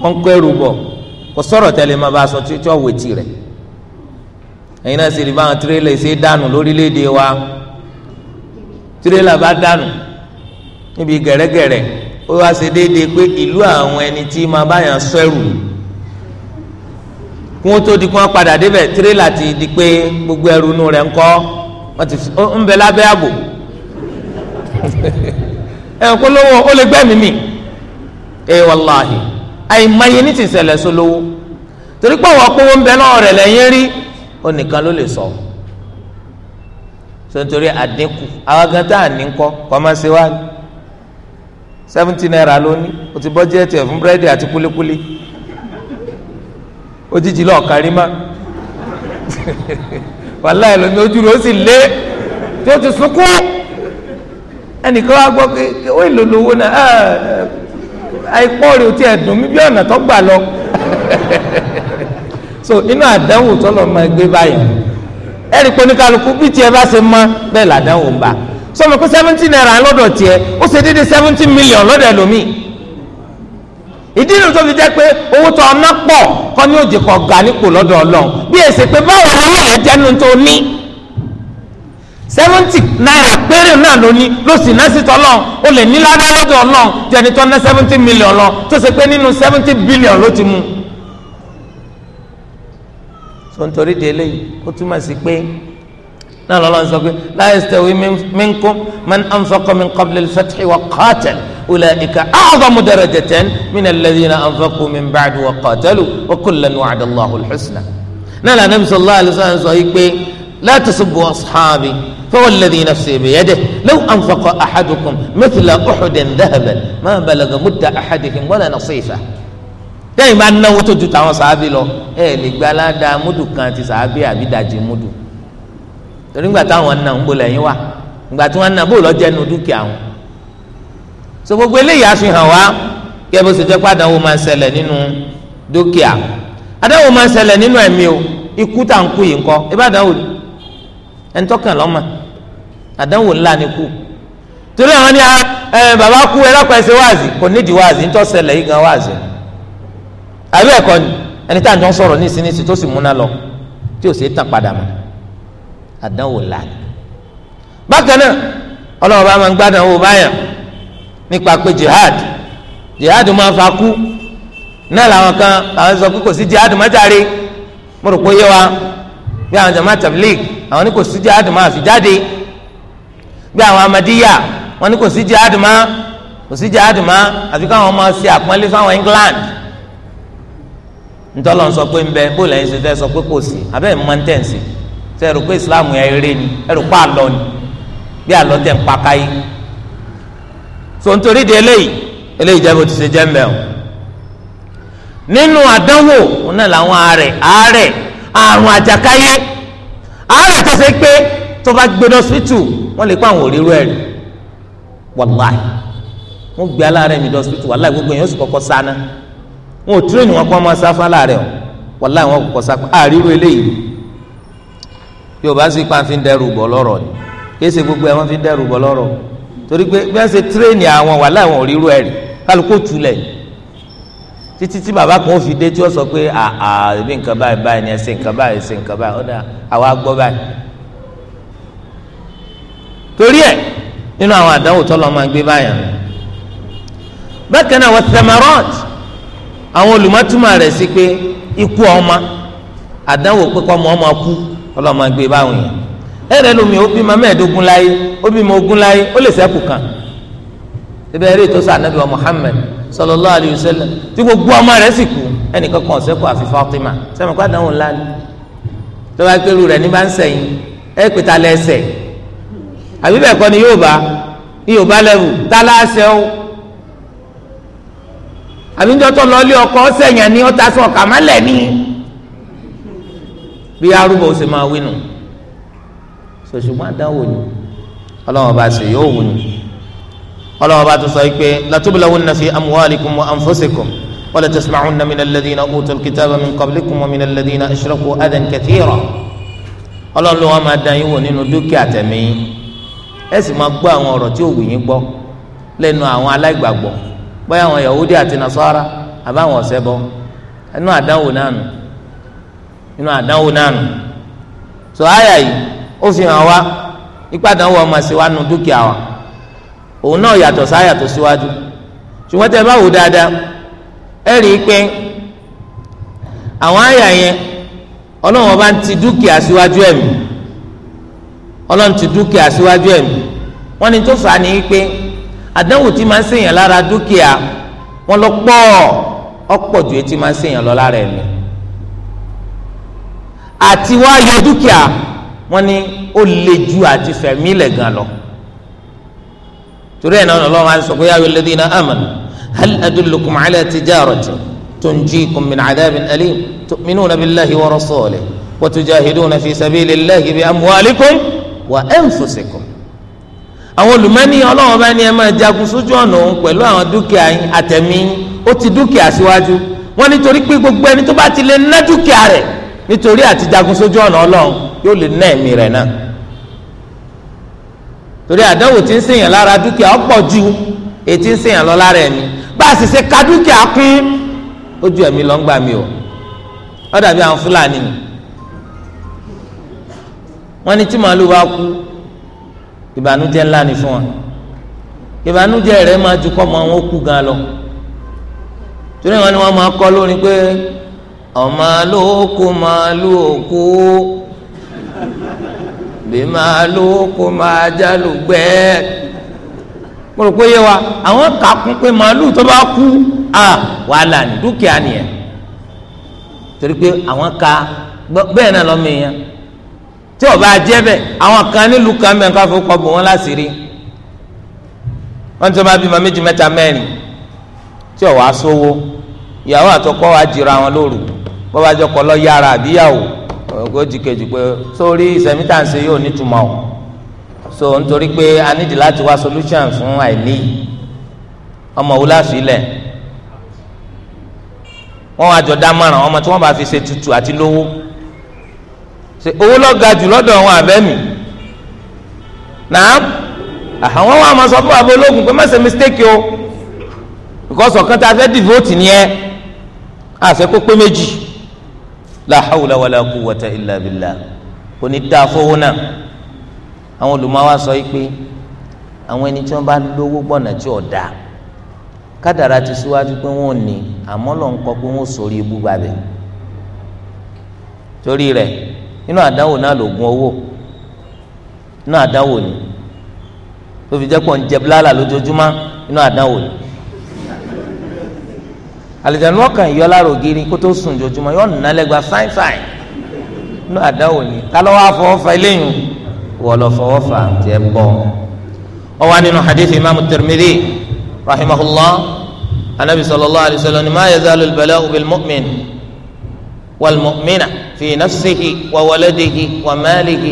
wọ́n ń kọ́ ẹrù bọ̀ kò sọ̀rọ̀ tẹ́lẹ̀ máa bá a sọ tí ó wètì rẹ̀ ẹ̀yin náà sì rí báwọn tirẹ́là ṣe dànù lórílẹ̀‐èdè wa tirẹ́là bá dànù níbi gẹ̀rẹ́gẹ̀rẹ́ ó wá ṣe déédéé pé ìlú àwọn ẹni tí máa báyàn sọ ẹrù kí tó di kí padà débẹ̀ tirẹ́là ti di pé gbogbo ẹrù inú rẹ̀ ń ń bẹ lábẹ́ ààbò ẹ̀ kó lówó ó lè gbẹ́mìí mi ẹ wàláhì àìmọye ní ti ṣẹlẹ̀ sọ lówó torí pé àwọn akówó ń bẹ náà rẹ̀ lẹ́yìn rí onìkan ló lè sọ sọtori àdínkù àwọn gan tá à ní kọ kọ́mọ́sí wa seventy naira lónìí o ti bọ́jẹ́tì ẹ̀ fún búrẹ́dì àti kúlíkúlí òjijì lọ́ọ̀ kárí má wàláhì lónìí ojú rẹ̀ ó sì lé ti sunkún. ẹnìkan wá gbọ́ pé ó èlò lówó náà ah, àìpọ́ rẹ̀ ò tiẹ̀ dùn mí bí ọ̀nà tó gbà lọ so inú àdánwò tọ́lọ̀ máa gbé báyìí ẹnì pé oníkàlùkù bí tiẹ̀ bá ṣe mọ́ bẹ́ẹ̀ làdánwò ń bà sọmọ pé seventy naira lọ́dọ̀ tiẹ̀ ó ṣe déédéé seventy million lọ́dọ̀ ẹlòmíì ìdí inú tó fi jẹ́ pé owó tó ọ̀nà pọ̀ kọ́ ni ó jẹ́ kó ga nípò lọ́dọ̀ ọlọ́run bí èsì pé báwo ni wọ́n yà seventy naira péré náà ló ní ló sì ná sí tọ́lọ́ o lè ní ládàá lọ́dọ̀ ọlọ́run jẹni tó ná seventy million lọ tó ṣe pé nínú seventy billion ló ti mú un tontori de eléyìí ó túmọ̀ sí pé náà lọ́lọ́ sọ pé la yastawi minkum man anfaqa min qabli al-fathi wa qatal ulaika a'zamu darajatan min alladhina anfaqu min ba'du náà lànà bisalòlá àlùsàn sọ yìí pé la tasubbu ashabi. فوالذي نفسي بيده لو أنفق أحدكم مثل أحد ذهبا ما بلغ مد أحدهم ولا نصيفه tẹ́yìn bá náwó tó ju tàwọn sàábì lọ ẹ lè gba aládàá múdù kan ti sàábì àbí dàjì múdù torí ńgbà táwọn náà ń bolẹ̀ yín wá ńgbà tí wọ́n náà bó lọ́ọ́ jẹ́nu dúkìá wọn. so gbogbo eléyìí àfihàn wa kẹ́ bó ṣe jẹ́ pé àdánwò máa ń ṣẹlẹ̀ nínú dúkìá àdánwò máa ń ṣẹlẹ̀ nínú ẹ̀mí o ikú tá ń kú yìí ńkọ́ ẹ bá àdánwò ẹni tọ́kàn lọ́mọ àdánwò ńlá ni kú torí àwọn ni bàbá kú ẹ lọ́pàá ẹsẹ̀ wáàzì kò nídìí wáàzì ń tọ́sẹ̀lẹ̀ yìí gan wáàzì àbí ẹ̀kọ́ ni ẹni tá à ń jọ ń sọ̀rọ̀ nísinsìnyí tó sì múná lọ tí ò sì tàn padà mọ́ àdánwò ńlá ni. bákan náà ọlọ́run bá máa ń gbádùn owó báyàn nípa pé jihad jihad máa fa kú náà làwọn kan àwọn sọ pé kò sí jihad mọ́tàrí mo rò pé yé wa bí àwọn jàmáà tabligh àwọn ní kò sí jihad máa fi jáde gbe àwọn amadiya wọn ní kò sí jihad mọ́ kò sí jihad mọ́ àfi káwọn England ntọ́lọ̀ ń sọ pé ń bẹ bó lẹ́yìn sọ pé kò sí abẹ́ ẹ̀ ṣe pé Islam yẹn eré ni ẹ pé àlọ́ ni bí àlọ́ tẹ̀ so nítorí de eléyìí eléyìí jẹ́ bó ti ṣe jẹ́ mbẹ́ o nínú àdánwò òun náà làwọn àárẹ̀ àárẹ̀ àrùn àjàkáyé àárẹ̀ tó ṣe pé tó bá wọ́n lè pa àwọn òríró ẹ̀rí wàláì wọ́n gbé aláàárẹ̀ mi dọ́ sípítù wàláì gbogbo yẹn ó sì kọ́kọ́ sáná wọn ò tírẹ̀nì wọn kọ́ ọmọ sáfá láàárẹ̀ o wàláì wọn kọ́kọ́ sáfá àríro eléyìí yorùbá sì pa fi ń dẹrù bọ̀ lọ́rọ̀ ni kése gbogbo ẹ̀ wọ́n fi ń dẹrù bọ̀ lọ́rọ̀ torí pé bí wọ́n ṣe tírẹ̀nì àwọn wàláì wọn òríró ẹ̀rí kálukó tulẹ̀ títí tí bàbá kan ó fi dé tí ó sọ pé àà ẹbí nǹkan báyìí báyìí ni ẹ ṣe nǹkan báyìí ẹ ṣe nǹkan báyìí ó dà àwa gbọ́ báyìí torí ẹ̀ nínú àwọn àdánwò tó lọ́ọ́ máa gbé báyà bákan náà wọ́n sẹ́mẹ́rọ́t àwọn olùmọ̀túmọ̀ rẹ̀ sí pé ikú ọmọ àdánwò pé kọ́ ọmọ ọmọ kú ọlọ́ọ́ máa gbé báwọn yẹn ẹ̀rẹ́ lomi ó bímọ mẹ́ẹ̀ẹ́dógún láyé ó bímọ ogún láyé ó lè sẹ́kù kan ibẹ̀ eré tó anabi wa Muhammad sallallahu alayhi wa sallam tí gbogbo ọmọ rẹ̀ sì kú ẹnìkan kan ọ̀sẹ̀ kú àfi Fatima ni tó bá gbèrú àbí bẹ́ẹ̀ kọ́ ni yóò bá ní yóò bá lẹ́wù tá a láṣẹ o àbí níjọ́ tó lọ́ọ́lé ọkọ̀ ọ̀sẹ̀yàn ni ọ̀tá sọ kàmálẹ̀ ni bí arúgbó ṣe máa wí nù ṣòṣùgbọ́n ni ọlọ́wọ́n bá ṣe yóò wù ni ọlọ́wọ́n bá tún sọ pé latúbìlàwùnà fi amúhálìkùn mọ́ ànfọ́sẹ̀kùn. ولا تسمعن من الذين أوتوا الكتاب من قبلكم ومن الذين أشركوا أذى كثيرا ọlọ́run ló wá máa dán yín wò nínú dúkìá tẹ̀mí ẹ sì máa gbọ́ àwọn ọ̀rọ̀ tí ò yín gbọ́ lẹ́nu àwọn aláìgbàgbọ́ bóyá àwọn Yahudi àti Nasara àbáwọn ọ̀sẹ̀ bọ́ inú àdánwò náà inú àdánwò náà tó àyà yìí ó fi hàn wá ipá àdánwò ọmọ sí wa nu dúkìá wa òun náà yàtọ̀ sáyà tó síwájú ṣùgbọ́n tẹ bá wò dáadáa ẹ rí i pé àwọn àyà yẹn ọlọ́wọ́n bá ń ti dúkìá síwájú ẹ̀mí. ọlọ́run ti dúkìá síwájú ẹ̀mí wọ́n ní tó fà á ní pé àdánwò tí máa ń ṣèyàn lára dúkìá wọn lọ pọ̀ ọ̀pọ̀ ju etí máa ń ṣèyàn lọ lára ẹ̀mí àti wá yọ dúkìá wọn ni ó le ju àti fẹ̀mí lẹ̀ gan lọ torí ẹ̀ náà lọ́wọ́ máa ń sọ pé yā ayyuhalladhīna āmanū hal adullukum ʿalā tijāratin tunjīkum min ʿadhābin alīm tu'minūna billāhi wa rasūlihi wa tujāhidūna fī sabīlillāhi bi amwālikum wa anfusikum àwọn olùmọ́ni ọlọ́run bá ní ẹ máa jagun sójú ọ̀nà òun pẹ̀lú àwọn dúkìá yín àtẹ̀mí ó ti dúkìá síwájú wọn nítorí pé gbogbo ẹni tó bá ti lè ná dúkìá rẹ̀ nítorí àti jagun sójú ọ̀nà ọlọ́run yóò lè ná ẹ̀mí rẹ̀ náà torí àdánwò tí ń ṣèyàn lára dúkìá ọ̀pọ̀ ju èyí tí ń ṣèyàn lọ lára ẹ̀mí bá a sì ṣe ka dúkìá kún ó ẹ̀mí lọ́ngbà o ó àwọn fúlàní ni wọ́n ní tí màálù bá kú ìbànújẹ́ ńlá ni fún wa ìbànújẹ́ rẹ̀ máa ju kọ́ ọmọ wọn kú gan lọ torí wọn ni wọn máa kọ lórin pé ọmọ ló kú màálù òkú bí màálù òkú máa jálù gbẹ mo rò yé wa àwọn kà pé màálù tó bá kú wàhálà ní dúkìá nìyẹn torí pé àwọn ka bẹ́ẹ̀ náà lọ́mọ èèyàn tí ó bá jẹ́ bẹ́ẹ̀ àwọn kan nílùú kan bẹ́ẹ̀ nǹkan fún kọ́bù wọn láṣìírí wọ́n ti máa bímọ méjì mẹ́ta mẹ́rin tí ó wá sówó ìyàwó àtọkọ wa jìra wọn lóru bọ́ bá jọ kọ́ lọ yára àbíyàwó ògo jìkejì pé sórí ìsẹ̀mí tá à ń ṣe yóò nítumọ̀ o so nítorí pé a nídìí láti wá solution fún àìní ọmọ wúlá sílẹ̀ wọ́n wá jọ dá márùn ọmọ tí wọ́n bá fi ṣe tutù àti lówó. se owó lọ́ga jù lọ́dọ̀ àwọn àbẹ́mi náà àwọn wa ma sọ fún ológun pé má mistake o because ọ̀kan tá a fẹ́ devote ni ẹ àṣẹ kó pé méjì la hawla wala quwwata illa billah kò ní dáa fowó náà àwọn olùmọ̀wá sọ yìí pé àwọn ẹni tí wọ́n bá lówó gbọ́nà tí ò ti síwájú pé wọ́n ní àmọ́ lọ́nkọ́ pé wọ́n inú àdánwò náà lògùn owó inú àdánwò ni tó fi jẹ́ pọ̀ ń jẹ bílálà lójoojúmọ́ inú àdánwò ni àlìjánu ọkàn yọ láàrò gírí kó tó sùn jojúmọ́ yọ nà lẹ́gba fáínfáín inú àdánwò ni kálọ́ wà fọwọ́ fa eléyìí wọ́n lọ fọwọ́ fa tiẹ̀ bọ́ ọ wà nínú hadith imam Tirmidhi rahimahullah anabi sallallahu alayhi wa sallam ni ma yazalu al-bala'u bil mu'min wal mu'mina. في نفسه وولده وماله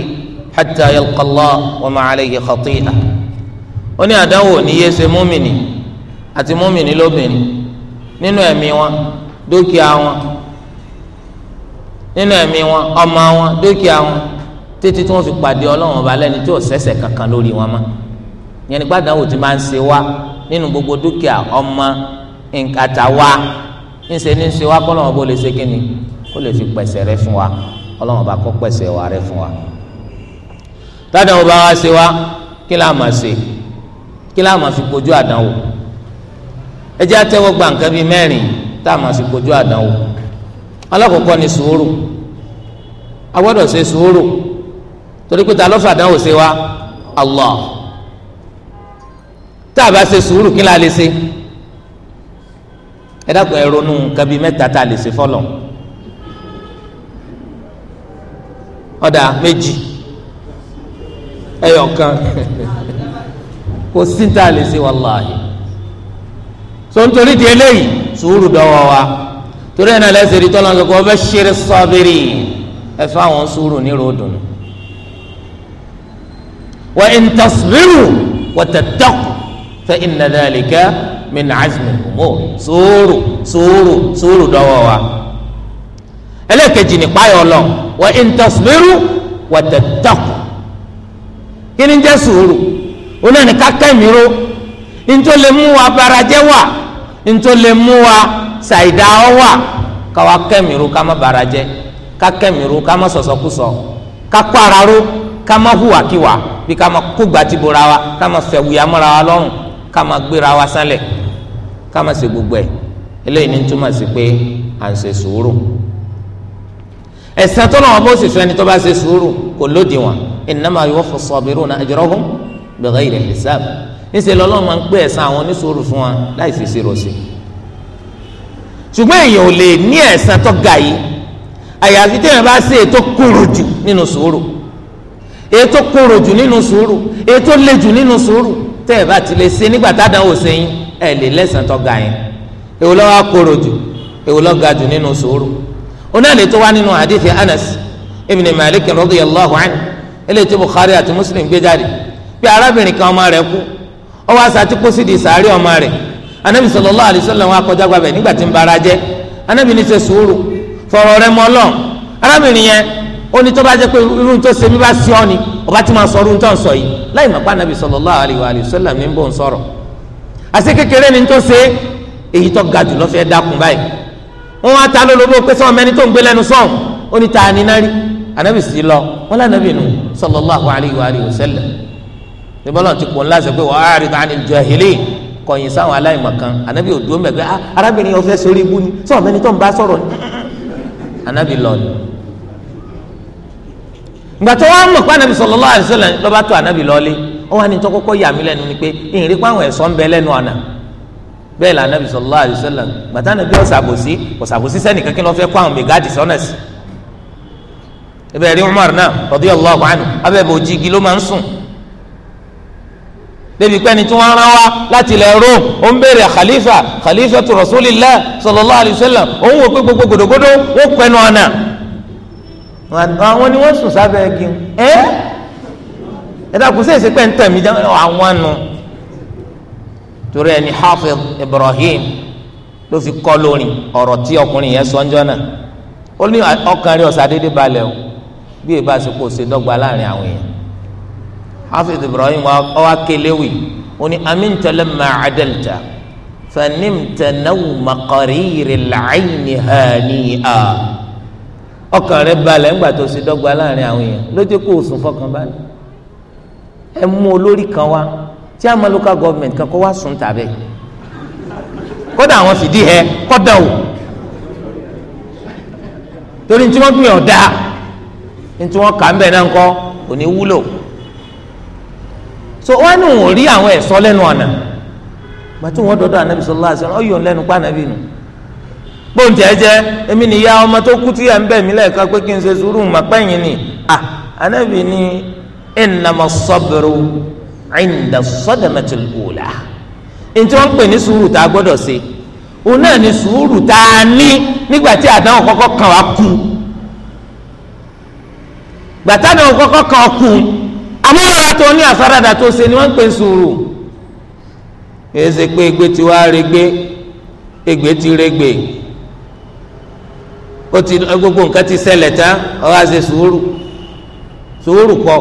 حتى يلقى الله وما عليه خطيئة oni àdánwò ní yéé ṣe múmìnì àti múmìnì lóbìnrin nínú ẹ̀mí wọn dúkìá wọn nínú ẹ̀mí wọn ọmọ wọn dúkìá wọn títí tí wọ́n fi pàdé Ọlọ́run ọba lẹ́ni tí ò ṣẹ̀ṣẹ̀ kankan lórí wọn mọ́ yẹn nígbà àdánwò tí máa ń ṣe wá nínú gbogbo dúkìá ọmọ nǹkan àtàwá ńṣe ní ṣe wá kọ́ lọ́wọ́ bó lè ṣe kí ni kó lè fi pẹ̀sẹ̀ rẹ fún wa ọlọ́run bá kó pẹ̀sẹ̀ wa rẹ fún wa. tádàwọ̀ bá wá ṣe wá kí la máa ṣe kí la máa fi kojú àdánwò ẹ àtẹ́wọ́ gba nǹkan bíi mẹ́rin tá a máa fi kojú àdánwò alákọ̀ọ́kọ́ ni sùúrù a gbọ́dọ̀ ṣe sùúrù torí pé ta ló fàdánwò ṣe wá Allah tá a bá ṣe sùúrù kí la lè ṣe ẹ dákun ẹ ronú nǹkan bíi mẹ́ta tá a lè ṣe fọlọ́ ọ̀dà méjì ẹyọ kan kò sí ní ta lè ṣe wàláhì so nítorí di eléyìí sùúrù dọ́wọ́ wa torí ẹ̀ náà lẹ́sẹ̀ rí tọ́lá nǹkan ọbẹ̀ ṣeré sọ́bìrì ẹ fáwọn sùúrù ní ròdùn wa in tasbiru wa tattaqu fa inna dhalika min azmi al sùúrù sùúrù sùúrù dọ́wọ́ wa ẹlẹ́ẹ̀kejì ní páyọ̀ lọ wa in tasbiru wa tattaqu kí ni jẹ́ sùúrù oná ní kákẹ́ mi ró ntó lè mú wa barajẹ́ wà ntó lè mú wa ṣàìdá ọ wà káwa kẹ́mi ró ká má barajẹ́ kákẹ́mi ró ká má sọ̀sọ́kùsọ kákọ́ ara ró ká má hùwàkíwà bí ká má kó gbàtìbora wa ká má fẹ̀wùyà mọ́ra wa lọ́rùn ká má gbéra wa sálẹ̀ ká má ṣe gbogbo ẹ̀ eléyìí ni túmọ̀ sí pé à ń ṣe sùúrù ẹ̀san tó lọ́wọ́ bó sì fún ẹni tó bá ṣe sùúrù kò lódiwọ̀n innama yuwaffa as-sabiruna ajrahum bighayri hisab níṣẹ́ lọ́lọ́run máa ń pé ẹ̀san àwọn oníṣòro fún wa láì fi ṣèrò sí ṣùgbọ́n èèyàn ò lè ní ẹ̀san tó ga yìí àyàfi téèyàn bá ṣe ètò kúrò jù nínú sùúrù ètò kúrò jù nínú sùúrù ètò le jù nínú sùúrù tẹ́ẹ̀ bá ti lè ṣe nígbà tádàn ò ṣe yín ẹ̀ lè lẹ́san tó ga yẹn èwo ló kúrò jù èwo ló ga jù nínú sùúrù onáàlè tó wá nínú hadithi anas ibn malik radiyallahu anhu eléyìí tí bukhari àti muslim gbé jáde pé arábìnrin kan ọmọ rẹ̀ kú ó wá sa tipó sídi sàárè ọmọ rẹ̀ anabi sallallahu alayhi wa sallam wa kọjá gbàgbẹ nígbà tí ń bara jẹ anabi ní ṣe sùúrù fọ̀rọ̀ rẹ̀ mọ́ lọ arábìnrin yẹn ó ní tó bá jẹ́ pé irú tó ṣe mi bá sí ọ ni ọba tí máa sọ irú tó ń sọ yìí láì mọ̀ pé anabi sallallahu alayhi wa sallam ní bò ń sọ̀rọ̀ àti kékeré ni tó ṣe èyí tó ga jù lọ dákun báyìí wọn wá ta lólobó pé sọ́wọ́n mẹ́ni tó ń gbé lẹ́nu sọ́ọ̀n ó ní ta ni náà rí anabi sì lọ wọn lé anabi nù sallallahu alayhi wa alihi wa sallam níbọ̀lọ́ ti pọ̀ ńláṣẹ pé wàá rí ta ni jahili kọ̀yìn sáwọn aláìmọ̀kan anabi ò dúró mẹ́gbẹ́ ah, arábìnrin ọ̀fẹ́ sórí ibú ni sọ́wọ́n mẹ́ni tó ń bá sọ̀rọ̀ ni anabi lọ ni gbàtọ́ wa mọ̀ pé anabi sallallahu alayhi wa lọ́ba tó anabi lọ́ọ́lé ó wà ní tọ́kọ́kọ́ yà mí lẹ́nu ni pé ìrìn pàwọn ẹ̀sọ́ ń bẹ lẹ́nu ọ̀nà bẹ́ẹ̀ la anabi sallallahu alayhi wa sallam gbàtà nàbí ọ̀sàbòsí ọ̀sàbòsí sẹ́ni kankan lọ́ọ́ fẹ́ kó àwọn mẹgáàdì sọ́nà sí. ibẹ̀ rí Umar náà radiyallahu anhu abẹ́ bò jí igi ló máa ń sùn. débi pẹ́ni tí wọ́n rán wa láti ilẹ̀ Rome ó ń béèrè khalifa khalifa tu rasulillah sallallahu alayhi wa sallam òun wò pé gbogbo gòdògòdò ó pẹnu ọ̀nà. àwọn ni wọ́n sùn sábẹ́ igi ẹ́ ẹ dàkú sí èsì pẹ́ ń tẹ̀ mí àwọn nu torí ẹni Hafiz Ibrahim ló fi kọ́ lórin ọ̀rọ̀ tí ọkùnrin yẹn sọ ńjọ́ náà ó ní ọkàn rẹ ọ̀sà déédéé balẹ̀ o bí èyí bá ṣe kó o ṣe dọ́gba láàrin àwọn èèyàn Hafiz Ibrahim ọwọ́ akéléwì ó ní aminta lamma adalta fanimta nawma qariril ayni ọkàn rẹ balẹ̀ ńgbà tó ṣe dọ́gba láàrin àwọn èèyàn ló jẹ́ kó o sùn fọkàn balẹ̀ ẹ mú olórí kan wá. tí a máa local government kan kó wá sùn tàbẹ kódà àwọn fìdí hẹ kódà o torí tí wọn gbìyànjú mbẹ tí wọn kà ń bẹ náà kò ní wúlò so wọn ní wọn rí àwọn ẹ̀ṣọ́ Ma ọ̀nà gbàtí wọn dọdọ anabi sallallahu alaihi wasallam ọyọ lẹ́nu pa anabi nù gbóǹtì ẹjẹ èmi nìyá ọmọ tó kú tí ẹ ń bẹ mí lẹ́ẹ̀ka pé kí n ṣe sùúrù mà pẹ́yìn ni ah anabi ni innamas sabru. ẹ̀ǹda sọ́dọ̀mẹ̀tì òòlà ntí wọ́n pè ní sùúrù tá a gbọ́dọ̀ ṣe òun náà sùúrù tá a ní nígbà tí àdáhùn kọ́kọ́ ọkọkọ wá kú gbàtà náà kọ́kọ́ kan kú amúnára tó ní àfaradà tó ṣe ni wọ́n pè sùúrù èyí pé ti gbogbo nǹkan ti wá ṣe sùúrù sùúrù kọ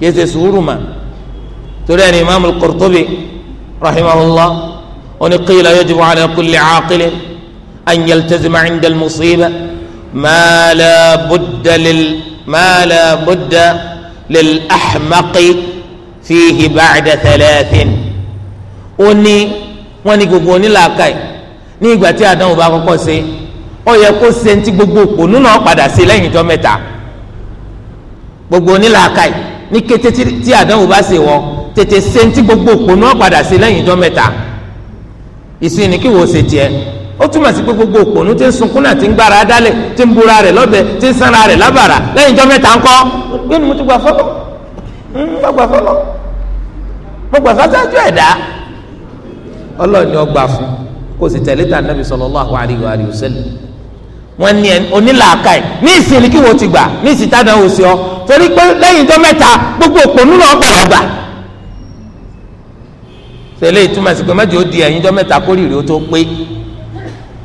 yẹ ṣe sùúrù mà torí ẹni imaamu al-Qurtubi rahimahullah oní qila yajibu ala kulli aaqilin an yaltazima inda al-musiba ma la budda lil ma la budda lil ahmaqi fihi ba'da thalathin ó ní wọ́n ní gbogbo onílàákàyè ní ìgbà tí àdánwò bá kọ́kọ́ ṣe ó yẹ kó ṣe ní ti gbogbo òpònú náà padà sí lẹ́yìn ìjọ mẹ́ta gbogbo onílàákàyè ní kété tí àdánwò bá ṣe wọ tètè se gbogbo okponu ọ̀padà ṣe lẹ́yìn ìjọ mẹ́ta ìsìn ní kí wò ó ṣe tiẹ̀ ó túmọ̀ sí pé gbogbo òpònú tí ń sunkún náà ti ń gbára dálẹ̀ ti ń bura rẹ̀ lọ́bẹ̀ ti ń sanra rẹ̀ lábàrà lẹ́yìn ìjọ mẹ́ta ńkọ́ yóò ní mo ti gbà hmm, mo gbà mo gbà fọ́sájú ẹ̀dá ọlọ́ọ̀ni ọgbà fún o sì tẹ̀lé nàbì wọ́n ní torí pé lẹ́yìn ọjọ́ mẹ́ta gbogbo òpònú náà padà gbà sẹlẹ̀ ìtumọ̀ sí pé mẹ́jọ ó di ẹ̀yìn ọjọ́ mẹ́ta kórìírí ó tó pé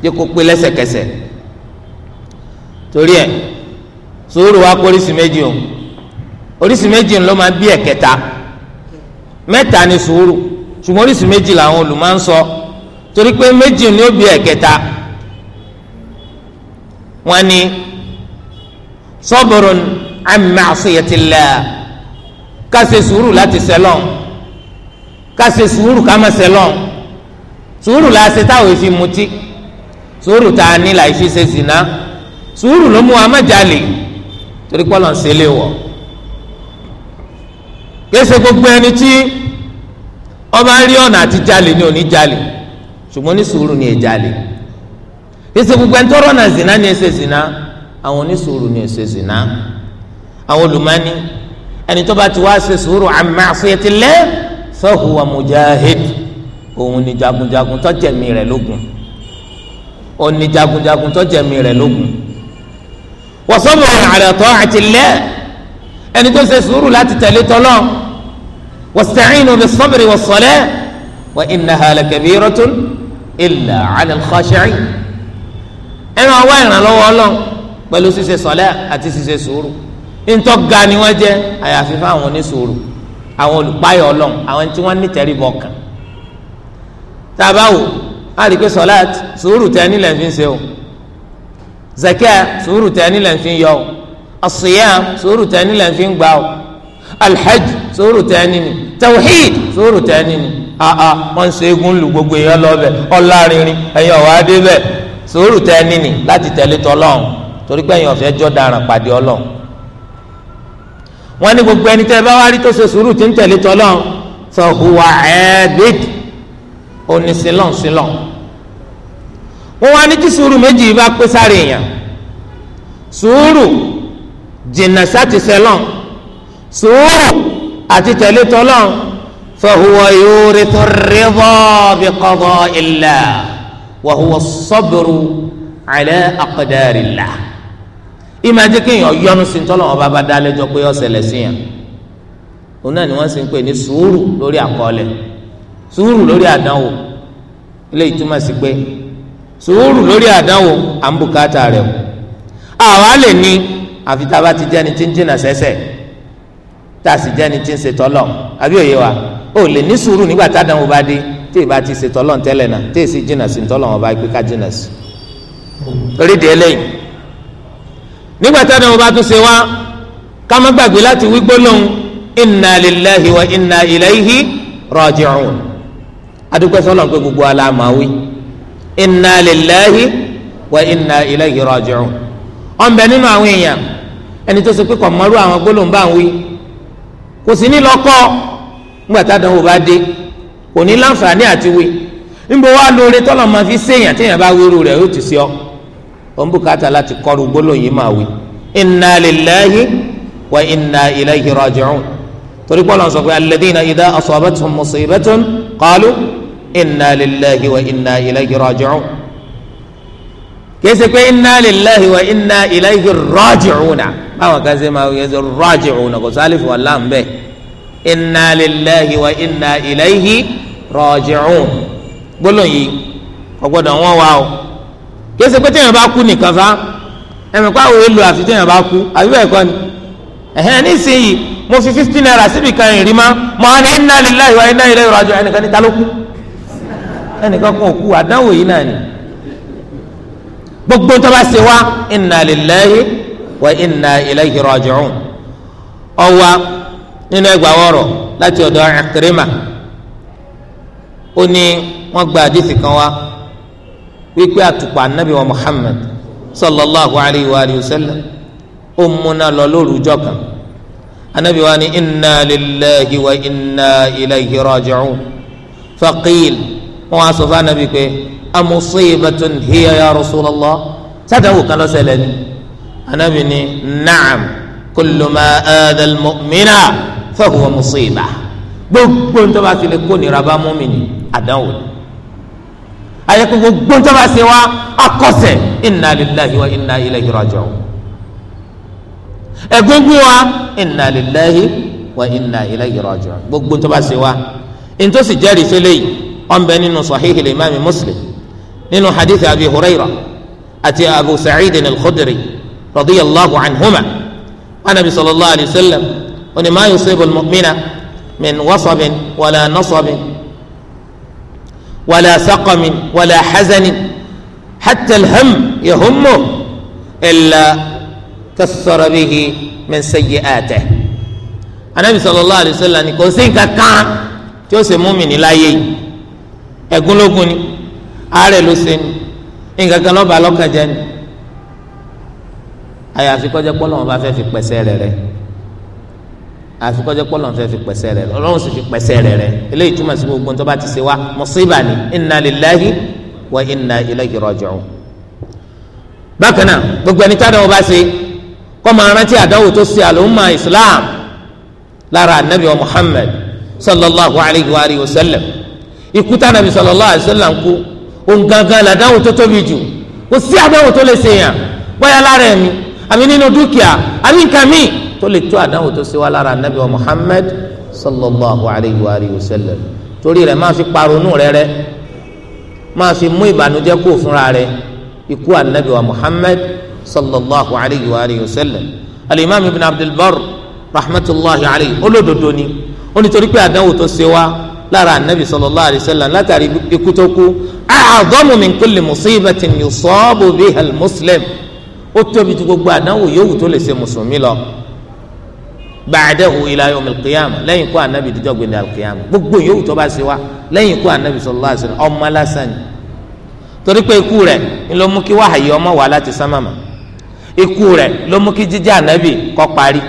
yẹ kó pé lẹ́sẹ̀kẹsẹ̀ torí ẹ̀ sùúrù wa kó oríṣi méjì o oríṣi méjì ló máa bí ẹ̀kẹta mẹ́ta ni sùúrù ṣùgbọ́n oríṣi méjì làwọn olùmọ̀ ń sọ torí pé méjì ni ó bí ẹ̀kẹta wọ́n ní sọ́bùrùn. So amma asiyatillah ká ṣe sùúrù láti sẹlọ ká ṣe sùúrù ká má sẹlọ la ṣe táwọn èfi mutí sùúrù tá a ní la fi ṣe zina sùúrù ló mú wa má jalè torí pọ́lọ̀ ń ṣẹlẹ̀ wọ̀ kése gbogbo ẹni tí ọba rí ọ̀nà àti jalè ni òní jalè ṣùgbọ́n ní sùúrù ni èjalè kese gbogbo ẹni tó zina ni èsè zina ni onísùúrù ni èsè zina àwọn olùmọ́ni ẹni tó bá ti wá ṣe sùúrù an ma'siyatillah fa huwa mujahid òun ni jagunjagun tó jẹ̀mí rẹ̀ lógun òun ni jagunjagun tó jẹ̀mí rẹ̀ lógun wa sabrun ala ta'atillah ẹni tó ṣe sùúrù láti tẹ̀lé tọ́lọ́ wasta'inu bis-sabri was-salah wa innaha lakabiratun illa 'ala al-khashi'in ẹnu àwọn ìrànlọ́wọ́ ọlọ́ pẹ̀lú ṣíṣe sọlẹ́ àti ṣíṣe sùúrù ntọ́ ga ni wọ́n jẹ́ àyàfi fáwọn oníṣòro àwọn olùpáyọ̀ ọlọ́run àwọn tí wọ́n nítẹ̀rí bọ̀ kàn tá a bá wò á rí i pé sọláàtì sùúrù tẹ nílẹ̀ fi ń ṣe o zakia sùúrù tẹ nílẹ̀ fi ń yọ o asiyam sùúrù tẹ nílẹ̀ fi ń gbà o alhaj sùúrù tẹ níní tawhid sùúrù tẹ níní aa wọn ṣe egun lu gbogbo èèyàn lọbẹ ọlárinrin ẹyin ọwọ adé bẹ sùúrù tẹ níní láti tẹ̀lé tọlọ́run torí pé ẹyin ọfẹ jọ daràn pàdé ọlọ́run wọ́n ní gbogbo ẹni tẹ́ ẹ bá wá rí tó ṣe sùúrù tí ń tẹ̀lé tọ́lọ́n sọ hùwà ẹ̀ẹ́dẹ́d onísìlọ́n sílọ́n wọ́n wá ní tí sùúrù méjì bá pé sáré èèyàn sùúrù jìnnà sáti sẹ́lọ́n sùúrù àti tẹ̀lé tọ́lọ́n sọ hùwà yóò tó rí bí kọ́bọ́ ilà wà hùwà sọ́bìrù àlẹ́ àkọ́dárìlà ìmọ̀ ajé kéèyàn yọnu sí tọ́lọ́wọ́n bá bá dá lẹ́jọ́ pé ọ̀sẹ̀lẹ̀ sí yàn òun náà ni wọ́n sì ń pè ní sùúrù lórí àkọọ́lẹ̀ sùúrù lórí àdánwò ilé ìtumọ̀ sí pé sùúrù lórí àdánwò à ń bùkátà rẹ̀ o àwa lè ní àfi tá a bá ti ni tí ń jìnà sẹ́sẹ̀ tá a sì jẹ́ni tí ń ṣe tọ́lọ̀ àbí òye wa ó lè ní sùúrù nígbà tádánwò bá dé tí ì bá ti ṣe tọ́lọ̀ tẹ́lẹ̀ náà tí ì sì jìnà sí tọ́lọ̀ wọn bá gbé ká jìnà sí. orí de eléyìí nígbà tí àdánwò bá tún ṣe wá ká gbàgbé láti wí gbólóhùn wa inna ilayhi raji'un adúgbò sọlọ pé gbogbo aláàmáwí inna lillahi wa inna ilayhi raji'un ọ̀nbẹ nínú àwọn èèyàn ẹni tó ṣe pé kò mọ́rú àwọn gbólóhùn bá ń wí kò sí ní lọ́kọ́ bá dé kò ní láǹfààní àti wí lóore òun bùkátà láti kọ́ru gbólóyìn máa wí inna lillahi wa inna ilayhi raji'un torí pọ́lọ́n sọ pé alladhina idha asabathum musibatun qalu inna lillahi wa inna ilayhi raji'un kese pe inna lillahi wa inna ilayhi raji'una báwọn kan ṣe máa yẹ raji'una kò sálífù wàllá ń bẹ inna lillahi wa inna ilayhi raji'un gbólóyìn ọgbọdọ wọn wá o. kí ẹsẹ̀ pé bá kú nìkan fa ẹ̀mí pa àwọn èlò àfi téèyàn bá kú àbí bẹ́ẹ̀ kọ́ ni ẹ̀hẹ́n nísìnyí mo fi fifty naira síbi kan ma mo á ní lillahi wa inna ilaihi raji'un ẹnìkan ní ta ló kú ẹnìkan kan ò àdánwò yìí náà ni gbogbo tó ṣe wá lillahi wa inna ilaihi raji'un ọwa nínú ẹgbàá wọ̀rọ̀ láti ọ̀dọ̀ ó ní wọ́n gba àdìsí kan wá. wípé àtùpà anabi wa muhammad sallallahu alayhi wa alihi wa sallam ó múná lọ lóru ọjọ́ kan anabi wa ni inna lillahi wa inna ilayhi raji'un faqil wọn wá sọ fún anabi pé amusibatun hiya ya rasulallah sádàwù kan ló ṣẹlẹ̀ ni anabi ni naam kullu ma mu'mina fahuwa musiba gbogbo ntọ́ bá tilẹ̀ kó nira bá mú mi ni àdánwò ni ayẹkọ gbogbo tó bá ṣe wa akọsẹ inna lillahi wa inna ilayhi raji'un ẹgbẹgbẹ wa inna lillahi wa inna ilayhi raji'un gbogbo tó bá ṣe wa ntòsí jẹ́rìí sílẹ̀ yìí ọ̀nbẹ nínú sahihi limami muslim nínú hadith abi hurayra àti abu sa'id al-khudri radiyallahu anhuma anabi sallallahu alayhi wa sallam onímọ̀ ayọ̀ sẹ́bùl mu'mina min wasabin wala nasabin wala saqamin wala hazanin hatta alham yahummu illa kasara bihi min sayyi'atihi anabi sallallahu alayhi wa sallam ni kò sí nǹkan kan tí ó ṣe mùmínì láyé yìí ẹ̀gúnlógún ni àárẹ̀ ló ṣe ni nǹkan kan lọ́ba lọ́kàn jẹ́ ni àyàfi kọjá pọ́lọ́mọba fẹ́ fi pẹ̀sẹ̀ rẹ̀ rẹ̀ àfi kọjá pọlọ fẹẹ fi pẹsẹ rẹ Ọlọ́run sì fi pẹsẹ rẹ rẹ eléyìí túmọ̀ sí gbogbo ntọ́ bá ti ṣe wa mùsíbà ni inna lillahi wa inna ilayhi raji'un. bákan náà gbogbo ẹni tádàwọ̀ bá ṣe kó máa rántí àdáwò tó ṣe àlùmọ́ islam lára anabi wa muhammad sallallahu alayhi wa alihi wa sallam ikú anabi sallallahu alayhi wa sallam kú òun gangan làdáwò tó tóbi jù kò sí àdáwò tó lè ṣèyàn bóyá lára ẹ̀mí àmì nínú dúkìá àmì nǹkan míì tó lè tó àdánwò tó ṣe wá lára anabi wa muhammed sallallahu alayhi wa alihi wa sallam torí rẹ̀ máa fi paronú rẹ̀ rẹ̀ máa fi mú ìbànújẹ́ kó fúnra rẹ̀ ikú anabi wa muhammed sallallahu alayhi wa alihi wa sallam alimami ibn abdulbar rahmatulahi alayhi olódodo ni ó ní torí pé àdánwò tó ṣe wá lára anabi sallallahu alayhi wa sallam látàrí ikú tó kú a'adhamu min kulli musibatin yusabu biha al-muslim ó tóbi ju gbogbo àdánwò yòówù tó lè ṣe mùsùlùmí lọ bàdẹ́hu ilà yọmi kìyàmù lẹ́yìn kó anabi dídọ́ gbẹ̀ndẹ̀ kìyàmù gbogbo yòówù tó bá ṣe wa lẹ́yìn kó anabi sọlọ́ àṣẹ ọmọ lásán ni torí pé ikú rẹ̀ ló mú kí wàhálà ọmọ wà láti sámàmà ikú rẹ̀ ló mú kí jíjẹ́ anabi kọ́ parí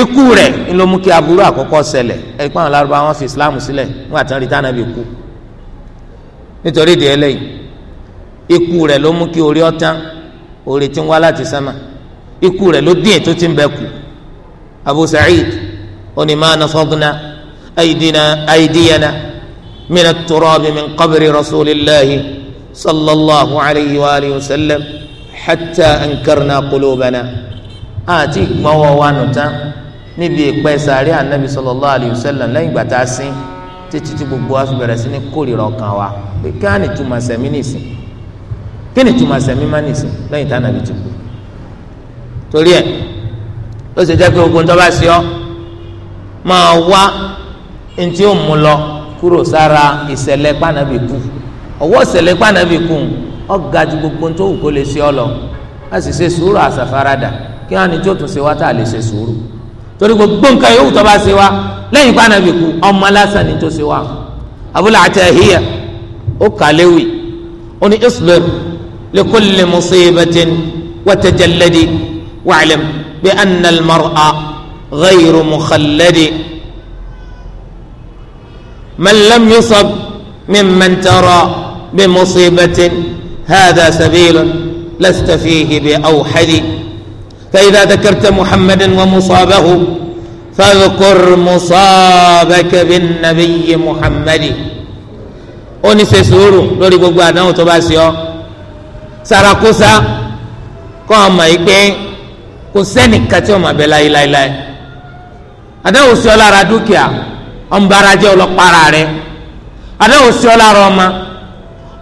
ikú rẹ̀ ló mú kí aburú àkọ́kọ́ ṣẹlẹ̀ ẹ̀rí pàwọn lárúbá wọn fi islam sílẹ̀ nígbà tí wọ́n rí tànàbí kú nítorí ìdí ẹlẹ́yìn ikú rẹ̀ ló mú kí orí ọ̀tán orí ti wá láti sámà ikú rẹ̀ ló dín ètò tí ń bẹ kù abu sa'id oni ma nasọduna aidina aidiyana mina turabi min qabri rasulillahi sallallahu alayhi wa alihi wa sallam hatta ankarna qulubana àti gbọwọ wa nùtán níbi ìpẹ sàárẹ anabi sallallahu alayhi wa sallam lẹ́yìn gbàtà sín títí tí gbogbo wa fi bẹ̀rẹ̀ sí ní kórìíra ọkàn wa pé ká ní túmọ̀ sẹ̀mí nìsín kí ni túmọ̀ sẹ̀mí má nìsín lẹ́yìn tá anabi ti kú torí ẹ̀ ló sì jẹ́ pé ogun tó bá sí ọ máa wá ntí ó mú lọ kúrò sára ìṣẹ̀lẹ̀ pànàbì kù ọwọ́ ìṣẹ̀lẹ̀ pànàbì kù ọ̀gá ju gbogbo tó wù kó lè sí ọ lọ a sì ṣe sùúrù àṣàfaradà kí wọn á ní tí ó tún ṣe wá tá a lè ṣe sùúrù torí gbogbo nǹkan yòówù tó bá ṣe wá lẹ́yìn pànàbì kù ọmọ lásán ni tó ṣe wá Abu Atahiya ó kàléwì ó ní isbir li kulli musibatin wa tajalladi wa'lam. بأن المرء غير مخلد من لم يصب ممن ترى بمصيبة هذا سبيل لست فيه بأوحد فإذا ذكرت محمدا ومصابه فاذكر مصابك بالنبي محمد ونسي سورو لوري sùúrù lórí ساراكوسا àdánwò tó bá kò sẹ́nìkan tí ó máa bẹ láyé láyé adáwò sí ọ dukia, dúkìá ọ̀nbara jẹ́ ọlọ́pàá rẹ adáwò sí ọ lára ọmọ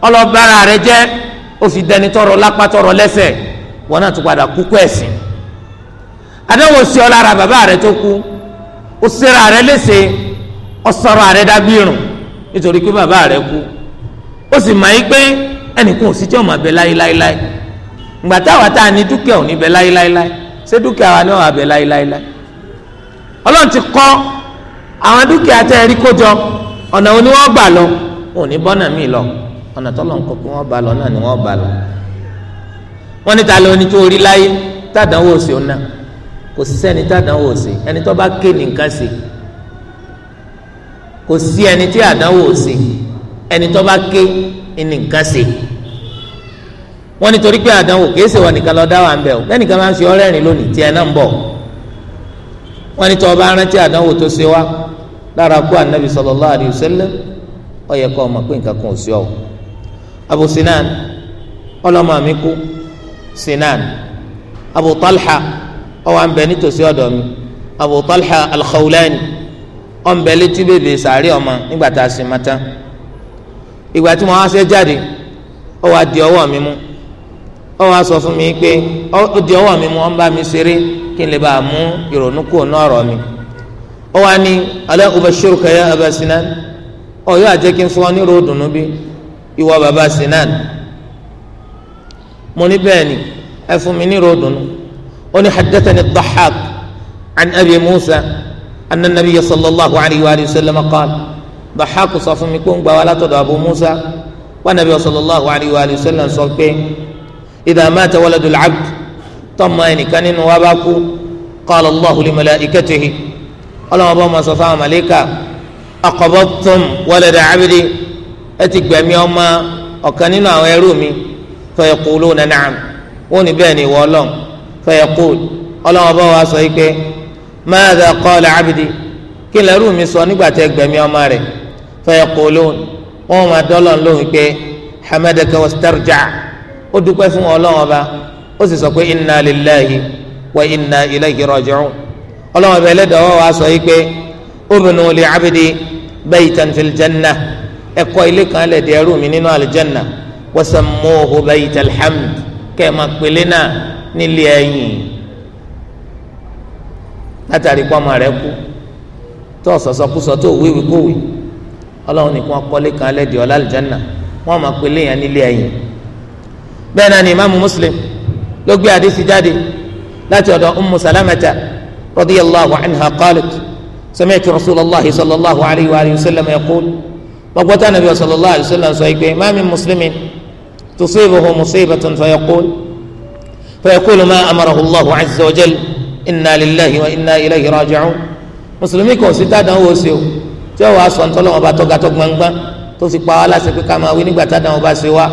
ọlọ́pàá rẹ jẹ́ òfìdẹni tọrọ lẹ́sẹ̀ wọn náà tún padà kú kú ẹ̀sìn adáwò sí ọ lára bàbá rẹ tó kú lese sẹ́ra rẹ léṣe ọ̀sọ̀rọ̀ rẹ dábìrùn nítorí pé bàbá rẹ kú ó sì máa yí pé ẹnìkan ò sí ṣé dúkìá wa ni wọn abẹ láéláéláé Ọlọ́run ti kọ́ àwọn dúkìá tẹ́ ẹ rí kó jọ ọ̀nà wo ni wọ́n gbà lọ wọn ò ní bọ́nà míì lọ ọ̀nà tọ́lọ̀ ń kọ́ pé wọ́n bá lọ náà ni wọ́n bá lọ wọ́n ní ta ló ní tó rí láyé tàdánwò sí ọ̀nà kò sí sẹ́ni tàdánwò sí ẹni tó bá ké nìkan sí kò sí ẹni tí àdánwò sí ẹni tó bá ké nìkan sí wọ́n nítorí pé àdánwò kìí ṣe wà nìkan lọ dá wà ń bẹ o lẹ́nìkan máa ń ṣe ọ̀rẹ́rìn lónìí tiẹ̀ náà ń bọ̀ wọ́n ní tó bá rántí àdánwò tó ṣe wá lára kú ànábì sallallahu alayhi wa sallam ó yẹ kó mọ̀ pé nǹkan kan ò sí ọ Abu Sinan ọlọ́mọ mi kú Sinan Abu Talha ó wà ń bẹ nítòsí ọ̀dọ̀ mi Abu Talha al-Khawlani ó ń bẹ létí bèbè sàárẹ̀ ọmọ nígbà tá a sì máa tán ìgbà tí mo wá ṣe jáde ó wá mi mú ó wá sọ fún mi pé ó di ọwọ́ mi mú ọ́n bá mi ṣeré kí n lè bá a mú ìrònú kúrò náà ọ̀rọ̀ mi ó wá ní ala ubashiruka ya Aba Sinan ó yóò àjẹ́ kí n fún ọ ní ròdùnú bí ìwọ bàbá Sinan mo ní bẹ́ẹ̀ ni ẹ fún mi ní ròdùnú ó ní haddathani Dhahhak an Abi Musa anna nabiyya sallallahu alayhi wa sallam qala Dhahhak sọ fún mi pé ń gbà wá látọ̀dọ̀ Abu Musa wa nabiyya sallallahu alayhi wa sallam sọ pé idha mata waladul abd tọ́mọ ẹnìkan nínú wa bá kú qala Allahu li malaikatihi ọlọ́wọ́n bá ma sọ fáwọn màlẹ́kà aqabadtum walada abdi ẹ ti gbẹ̀mí ọmọ ọ̀kan nínú àwọn ẹrú mi fayaquluna na'am wọ́n ní bẹ́ẹ̀ ni ìwọ ọlọ́run fayaqul ọlọ́wọ́n bá wa sọ yìí pé madha qala abdi kí lẹ́rú mi sọ nígbà tẹ́ gbẹ̀mí ọmọ rẹ̀ fayaqulun wọ́n máa dọ́lọ́ lóhùn pé hamadaka wastarja' ó dúpẹ́ fún ọlọ́run ọba ó sì sọ pé inna lillahi wa inna ilayhi raji'un ọlọ́run ọba ẹlẹ́dàá wa sọ yìí pé ubnu li abdi baytan fil jannah ẹ kọ́ ilé kan lẹ̀ di ẹrú mi nínú àlìjẹ́nà wasammuhu baytal hamd kẹ́ ẹ̀ máa pèlé náà nílé ẹ̀yìn látàrí pọ́nmọ́ rẹ̀ kú tó sọ̀sọ́kúsọ tó wíwíkówì ọlọ́run nìkan kọ́lé kan lẹ̀ di ọ̀lá àlìjẹ́nà wọ́n máa pèlé bẹ́ẹ̀ náà ni imaamu muslim ló gbé àdìsí jáde láti ọ̀dọ̀ ummu salamata radiyallahu anha qalat sami'tu rasulallahi sallallahu alayhi wa sallam yaqul gbàgbọ́tà nàbí sallallahu alayhi wa sallam sọ ìgbé imaami muslimin tusibuhu musibatun fayaqul fayaqulu ma amarahu allahu azza wa jal inna lillahi wa inna ilayhi raji'un mùsùlùmí kan sí tàdánwò sí o tí ó wàá sọ ntọ́lọ́wọ́n bá tọ́gatọ́ gbangban tó fi pa wá pé ká wí nígbà tàdánwò bá ṣe wá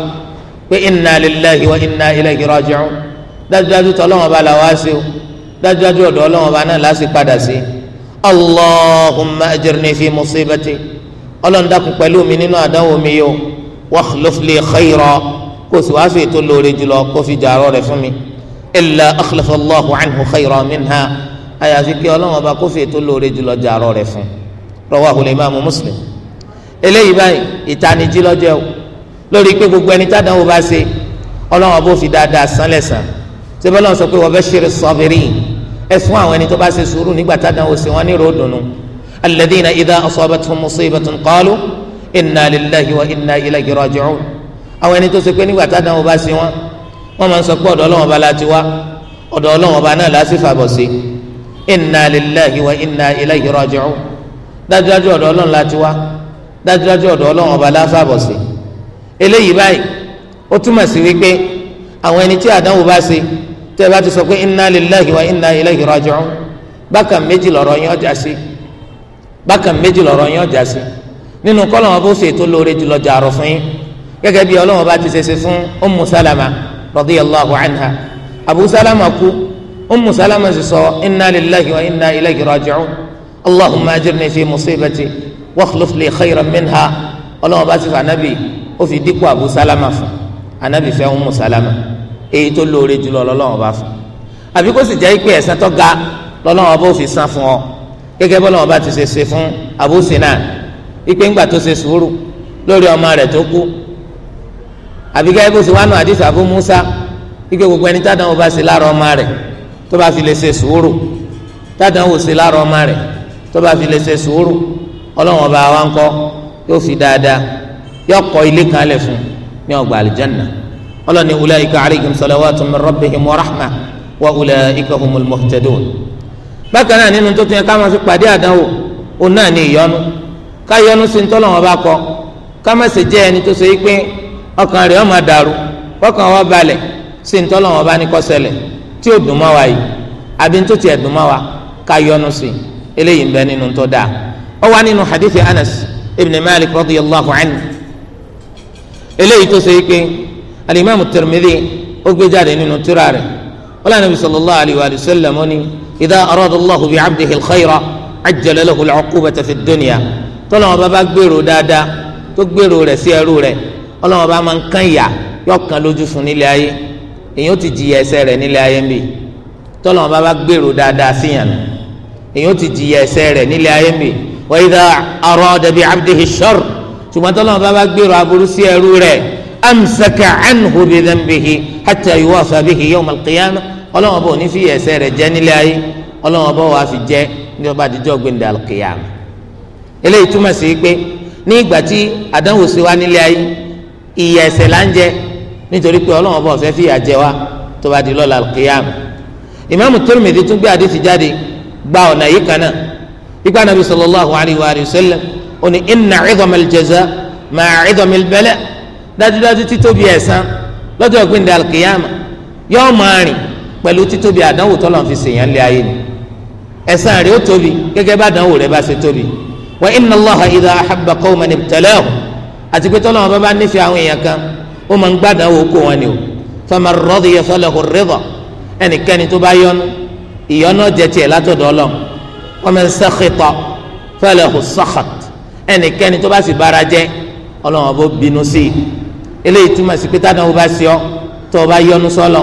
pé inna lillahi wa inna ilayhi raji'un dájúdájú tọ́ ọlọ́wọ́n bá la wá sí o dájúdájú ọ̀dọ̀ ọlọ́wọ́n bá náà láti padà sí allahumma ajirni fi musibati ọlọ́run dákun pẹ̀lú mi nínú àdánwò mi yìí o wakhluf li khayra kò sì wáá fi ètò lóore jùlọ kó fi jàrọ̀ rẹ̀ fún mi illa akhlafa anhu khayra minha àyàfi kí ọlọ́run ọba kó fi ètò lóore jùlọ jàrọ̀ rẹ̀ fún rawahu al muslim eléyìí báyìí ìtanijí lórí pé gbogbo ẹni tá àdánwò bá ṣe ọlọ́run ọba ò fi dáadáa san lẹ́sàn ṣé bọ́lá ń sọ pé wa bashiri sabirin ẹ fún àwọn ẹni tó bá ṣe sùúrù nígbà tá àdánwò ṣe wọ́n ní ròdùnú alladhina idha asabatuhum musibatun qalu inna lillahi wa inna ilayhi raji'un àwọn ẹni tó ṣe pé nígbà tá àdánwò bá ṣe wọ́n wọ́n máa ń sọ pé ọ̀dọ̀ ọlọ́run ọba láti wá ọ̀dọ̀ ọlọ́run ọba náà eléyìí báyìí ó túmọ̀ sí wípé àwọn ẹni tí àdánwò bá ṣe tẹ́ ẹ bá ti sọ pé inna lillahi wa inna ilayhi raji'un bákan méjì lọ̀rọ̀ yín ọjà sí bákan méjì lọ̀rọ̀ yín ọjà sí nínú kọ́lọ́wọ́n bó ṣe tó lóore jùlọ jàrọ̀ fún yín gẹ́gẹ́ bí Ọlọ́run bá ti ṣe ṣe fún Ummu Salama radiyallahu anha Abu Salama kú Ummu Salama sì sọ inna lillahi wa inna ilayhi raji'un ó fi dípò abu salama fún anabi fẹ́ umu salama èyí tó lóore jùlọ lọ́lọ́wọ́n bá fún àbí kó sì jẹ́ pé ẹ̀san tó ga lọ́lọ́wọ́n bó fi san fún ọ gẹ́gẹ́ bọ́lọ́wọ́n bá ti ṣe ṣe fún abu sinan ipe ńgbà tó ṣe sùúrù lórí ọmọ rẹ̀ tó kú àbí gẹ́gẹ́ bó ṣe wá nù àdìsí abu musa ike gbogbo ẹni tádàn wò bá ṣe lára ọmọ rẹ̀ tó bá fi lè ṣe sùúrù tádàn wò ṣe lára ọmọ rẹ̀ tó bá fi lè ṣe sùúrù ọlọ́wọ́n bá wa ń kọ́ yóò fi dáadáa yọ kọ́ ilé kan lẹ̀ fún ní ọgbà àlìjánná ọlọ́ni ulaika alayhim salawatun min rabbihim wa rahma wa ulaika humul muhtadun. bákan náà nínú tó tún yẹ ká máa fi pàdé àdánwò òun náà ní ìyọnu ká yọnu sí ntọ́lọ̀ wọn bá kọ ká má ṣe jẹ́ ẹni tó ṣe é pé ọkàn rẹ̀ ó máa dàrú kọ́kàn wọn balẹ̀ sí ntọ́lọ̀ wọn bá ní kó tí ó dùn mọ́ wa yìí àbí tó tiẹ̀ dùn mọ́ wa ká yọnu sí eléyìí ń bẹ nínú tó dáa ó wà nínú hadith Anas ibn Malik radiyallahu anhu eléyìí tó ṣe é pé alimami Tirmidhi ó gbé jáde nínú tírà rẹ̀ wala nabi sallallahu alayhi wa sallam ó ní idha arada allahu bi abdihi alkhayra ajjala lahu al'uqubata fi dunya tọ́lọ́wọ́n bá bá gbèrò dáadáa tó gbèrò rẹ̀ sí ẹrú rẹ̀ ọlọ́wọ́n bá máa ń kán ìyà yọ kan lójú fún nílé ayé èyàn ti jìyà ẹ̀ṣẹ̀ rẹ̀ nílé ayé ń bì tọ́lọ́wọ́n bá bá gbèrò dáadáa síyàn èyàn ti jìyà ẹ̀ṣẹ̀ rẹ̀ nílé ayé ń bì wa idha arada abdihi sharr ṣùgbọ́n tọ́lọ́mọ bá bá gbèrò aburú sí ẹrú rẹ̀ amsaka anhu bi dhanbihi hatta yuwasa bihi yawm al-qiyamah ọlọ́mọ bá òní fi ẹ̀ṣẹ̀ rẹ̀ jẹ́ nílé ayé ọlọ́mọ bá wàá fi jẹ́ ní ọba àdìjọ́ gbẹ̀ndẹ̀ al-qiyamah eléyìí túmọ̀ sí pé ní ìgbà tí àdánwò sí wa nílé ayé ìyà ẹ̀ṣẹ̀ là ń jẹ nítorí pé ọlọ́mọ bá ọ̀fẹ́ fìyà jẹ wa tó di lọ́la al-qiyamah ìmáàmù tún gbé àdìsí jáde gba ọ̀nà yìí kan náà ipa nàbí sallallahu alayhi wa sallam ó ní inna idhamal jaza ma'a idhamil bala dájúdájú títóbi ẹ̀san lọ́jọ́ ìpín dal qiyama yóò máa rìn pẹ̀lú títóbi àdánwò tọ́lọ̀ fi ṣèyàn lé ayé ni ẹ̀san rẹ̀ ó tóbi gẹ́gẹ́ bá àdánwò rẹ̀ bá ṣe tóbi wa inna Allaha idha ahabba qawman ibtalahum àti pé tọ́lọ̀ bá bá nífẹ̀ẹ́ àwọn èèyàn kan ó máa ń gbádàn wò kó wọn ni o faman radiya falahu ar ẹnikẹ́ni tó bá yọ́nú ìyọ́nú jẹ́ tiẹ̀ látọ̀dọ̀ Ọlọ́run ẹnikẹ́ni tó bá sì bára jẹ́ ọlọ́run ọba bínú sí i eléyìí túmọ̀ sí pé tádàn ọba sí ọ tó o bá yọnu sọlọ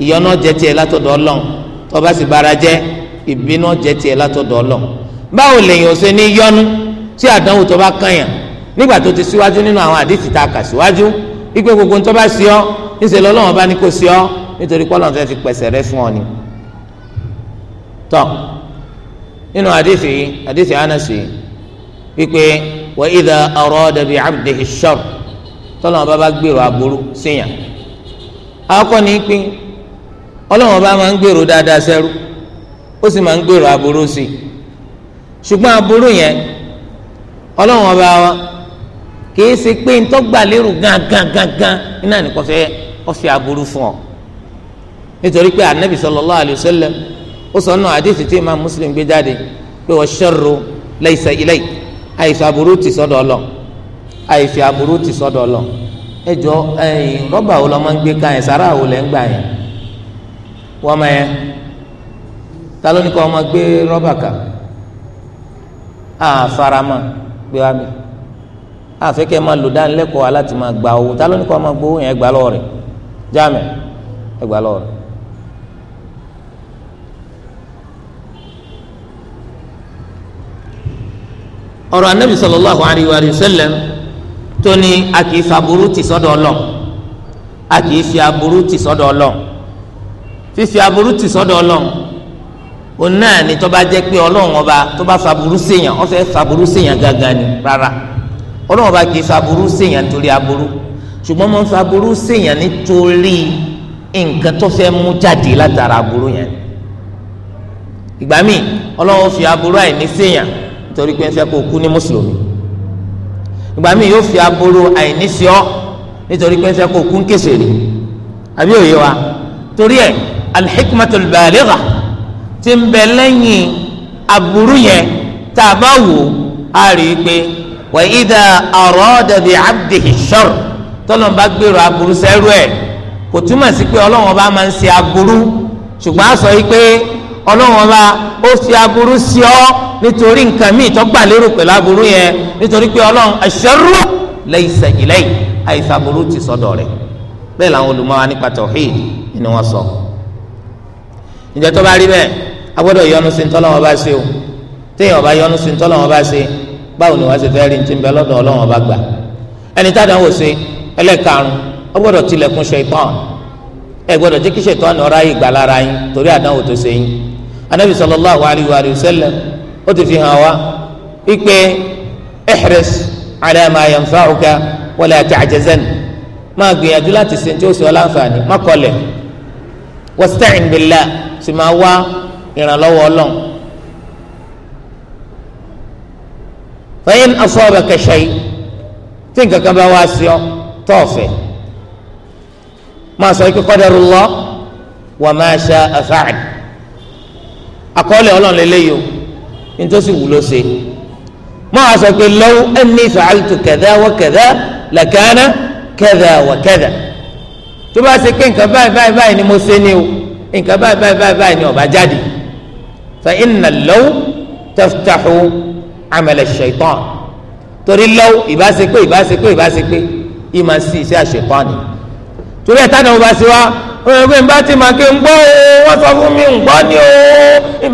ìyọnu jẹ tiẹ̀ látọ̀dọ̀ ọlọ́run tó o bá sì bára jẹ́ ìbínú jẹ tiẹ̀ látọ̀dọ̀ ọlọ́run báwo lèyìn ò ṣe ní yọnu tí àdánwò tó bá kànyàn nígbà tó ti síwájú nínú àwọn àdìsí tá a kà síwájú ìgbé gbogbo tó bá sí ọ ńṣe lọ́lọ́run ọba ní kò sí ọ nítorí pé ọlọ́run fẹ́ fi pẹ̀sẹ̀ wípé wa idha arada bi abdihi sharr tọ́lọ́wọ́n bá bá gbèrò aburú síyàn akọ́ ní pín ọlọ́wọ́n bá máa ń gbèrò dáadáa sẹ́rú ó sì máa ń gbèrò aburú sí i ṣùgbọ́n aburú yẹn ọlọ́wọ́n bá wa kìí ṣe pé ntọ́gbà lérò gángan gángan iná ní kọfẹ́ ọ̀fẹ́ aburú fún ọ nítorí pé anabi sallallahu alayhi wa sallam ó sọ náà hadith tí imam muslim gbé jáde pé wa sharru laysa ilayk àìfi aburú ti sọ́dọ̀ ọlọ àìfi aburú ti sọ́dọ̀ ọlọ ẹjọ ẹyìn rọba wo lọ máa ń gbé ká yẹn sára wo lẹ ń gbà yẹn wọ́n mọ̀ yẹn ta ló ní kọ́ ọmọ gbé rọ́bà ká àfarama gbé wa mi àfẹ́kẹ́ máa lò dánilẹ́kọ̀ọ́ aláti máa gba owó ta ló ní kọ́ ọmọ gbowó yẹn gbà lọ́ọ̀rẹ́ jáàmẹ́ ẹ gbà lọ́ọ̀rẹ́ ọ̀rọ̀ anabi sallallahu alayhi wa sallam tó ní a kì í fa aburú tì sọ́dọ̀ Ọlọ́run a kì í fi aburú tì sọ́dọ̀ Ọlọ́run fífi aburú tì sọ́dọ̀ Ọlọ́run òun náà ni tó bá jẹ́ pé Ọlọ́run ọba tó bá fa aburú séèyàn ó fẹ́ fa aburú séèyàn gangan ni rárá Ọlọ́run ọba kì í fa aburú séèyàn nítorí aburú ṣùgbọ́n mo ń fa aburú séèyàn nítorí nǹkan tó fẹ́ mú jáde látara aburú yẹn ìgbà míì Ọlọ́run fi aburú àìní séèyàn torí pé ń fẹ́ kó kú ní mùsùlùmí ìgbà míì yóò fi aburú àìníṣẹ́ ọ́ nítorí pé ń fẹ́ kó kú ń kèsèrè àbí òye wa torí ẹ̀ alhikmatul baligha ti ń bẹ lẹ́yìn aburú yẹn tá a bá wò á rí i pé wa idha arada bi abdihi tọ́lọ́n bá gbèrò aburú sẹ́rú ẹ̀ kò túmọ̀ sí pé ọlọ́run ọba máa ń ṣe aburú ṣùgbọ́n a sọ yìí pé ọlọ́run ọba ó fi aburú sí ọ́ nítorí nǹkan míì tó gbà lérò pẹ̀lú aburú yẹn nítorí pé ọlọ́run aṣ-ṣarru laysa ilayhi àìsàbùrú ti sọ́dọ̀ rẹ̀ bẹ́ẹ̀ làwọn olùmọ̀wá nípa tawhid ni wọ́n sọ. ǹjẹ́ tó bá rí bẹ́ẹ̀ a gbọ́dọ̀ yọ́nú sí ntọ́lọ́wọ́n bá ṣe o téèyàn bá yọ́nú sí ntọ́lọ́wọ́n bá ṣe báwo ni wọ́n ṣe fẹ́ rí ti ń bẹ lọ́dọ̀ ọlọ́wọ́n bá gbà ẹni sallallahu alaihi wa sallam ó ti fi hàn wá wípé ihris ala ma yanfa'uka wala ta'jazan máa gbìyànjú láti ṣe tí ó ṣe ọ́ láǹfààní má kọlẹ̀ wasta'in billah sì máa wá ìrànlọ́wọ́ ọlọ́run. fa in asabaka shay tí nǹkan kan bá wá sí ọ tọ́ọ̀fẹ́ máa sọ ikú qadarullah wa ma sha'a fa'al àkọọ́lẹ̀ ọlọ́run lélẹ́yìí o nítòsí wúlò ṣe mọ́ àwọn sọ pé law anni fa'altu kadha wa kadha lakana kadha wa kadha tó bá ṣe pé nǹkan báyìí báyìí báyìí ni mo ṣe ni o nǹkan báyìí báyìí báyìí báyìí ni ó bá jáde fa inna law taftahu amal ash torí law ìbá ṣe pé ìbá ṣe pé ìbá ṣe pé ìmọ̀ sí iṣẹ́ àṣetán ni torí ẹ̀ tá òye pé ti mà ké ngbọ́ o wọ́n sọ fún mi ni o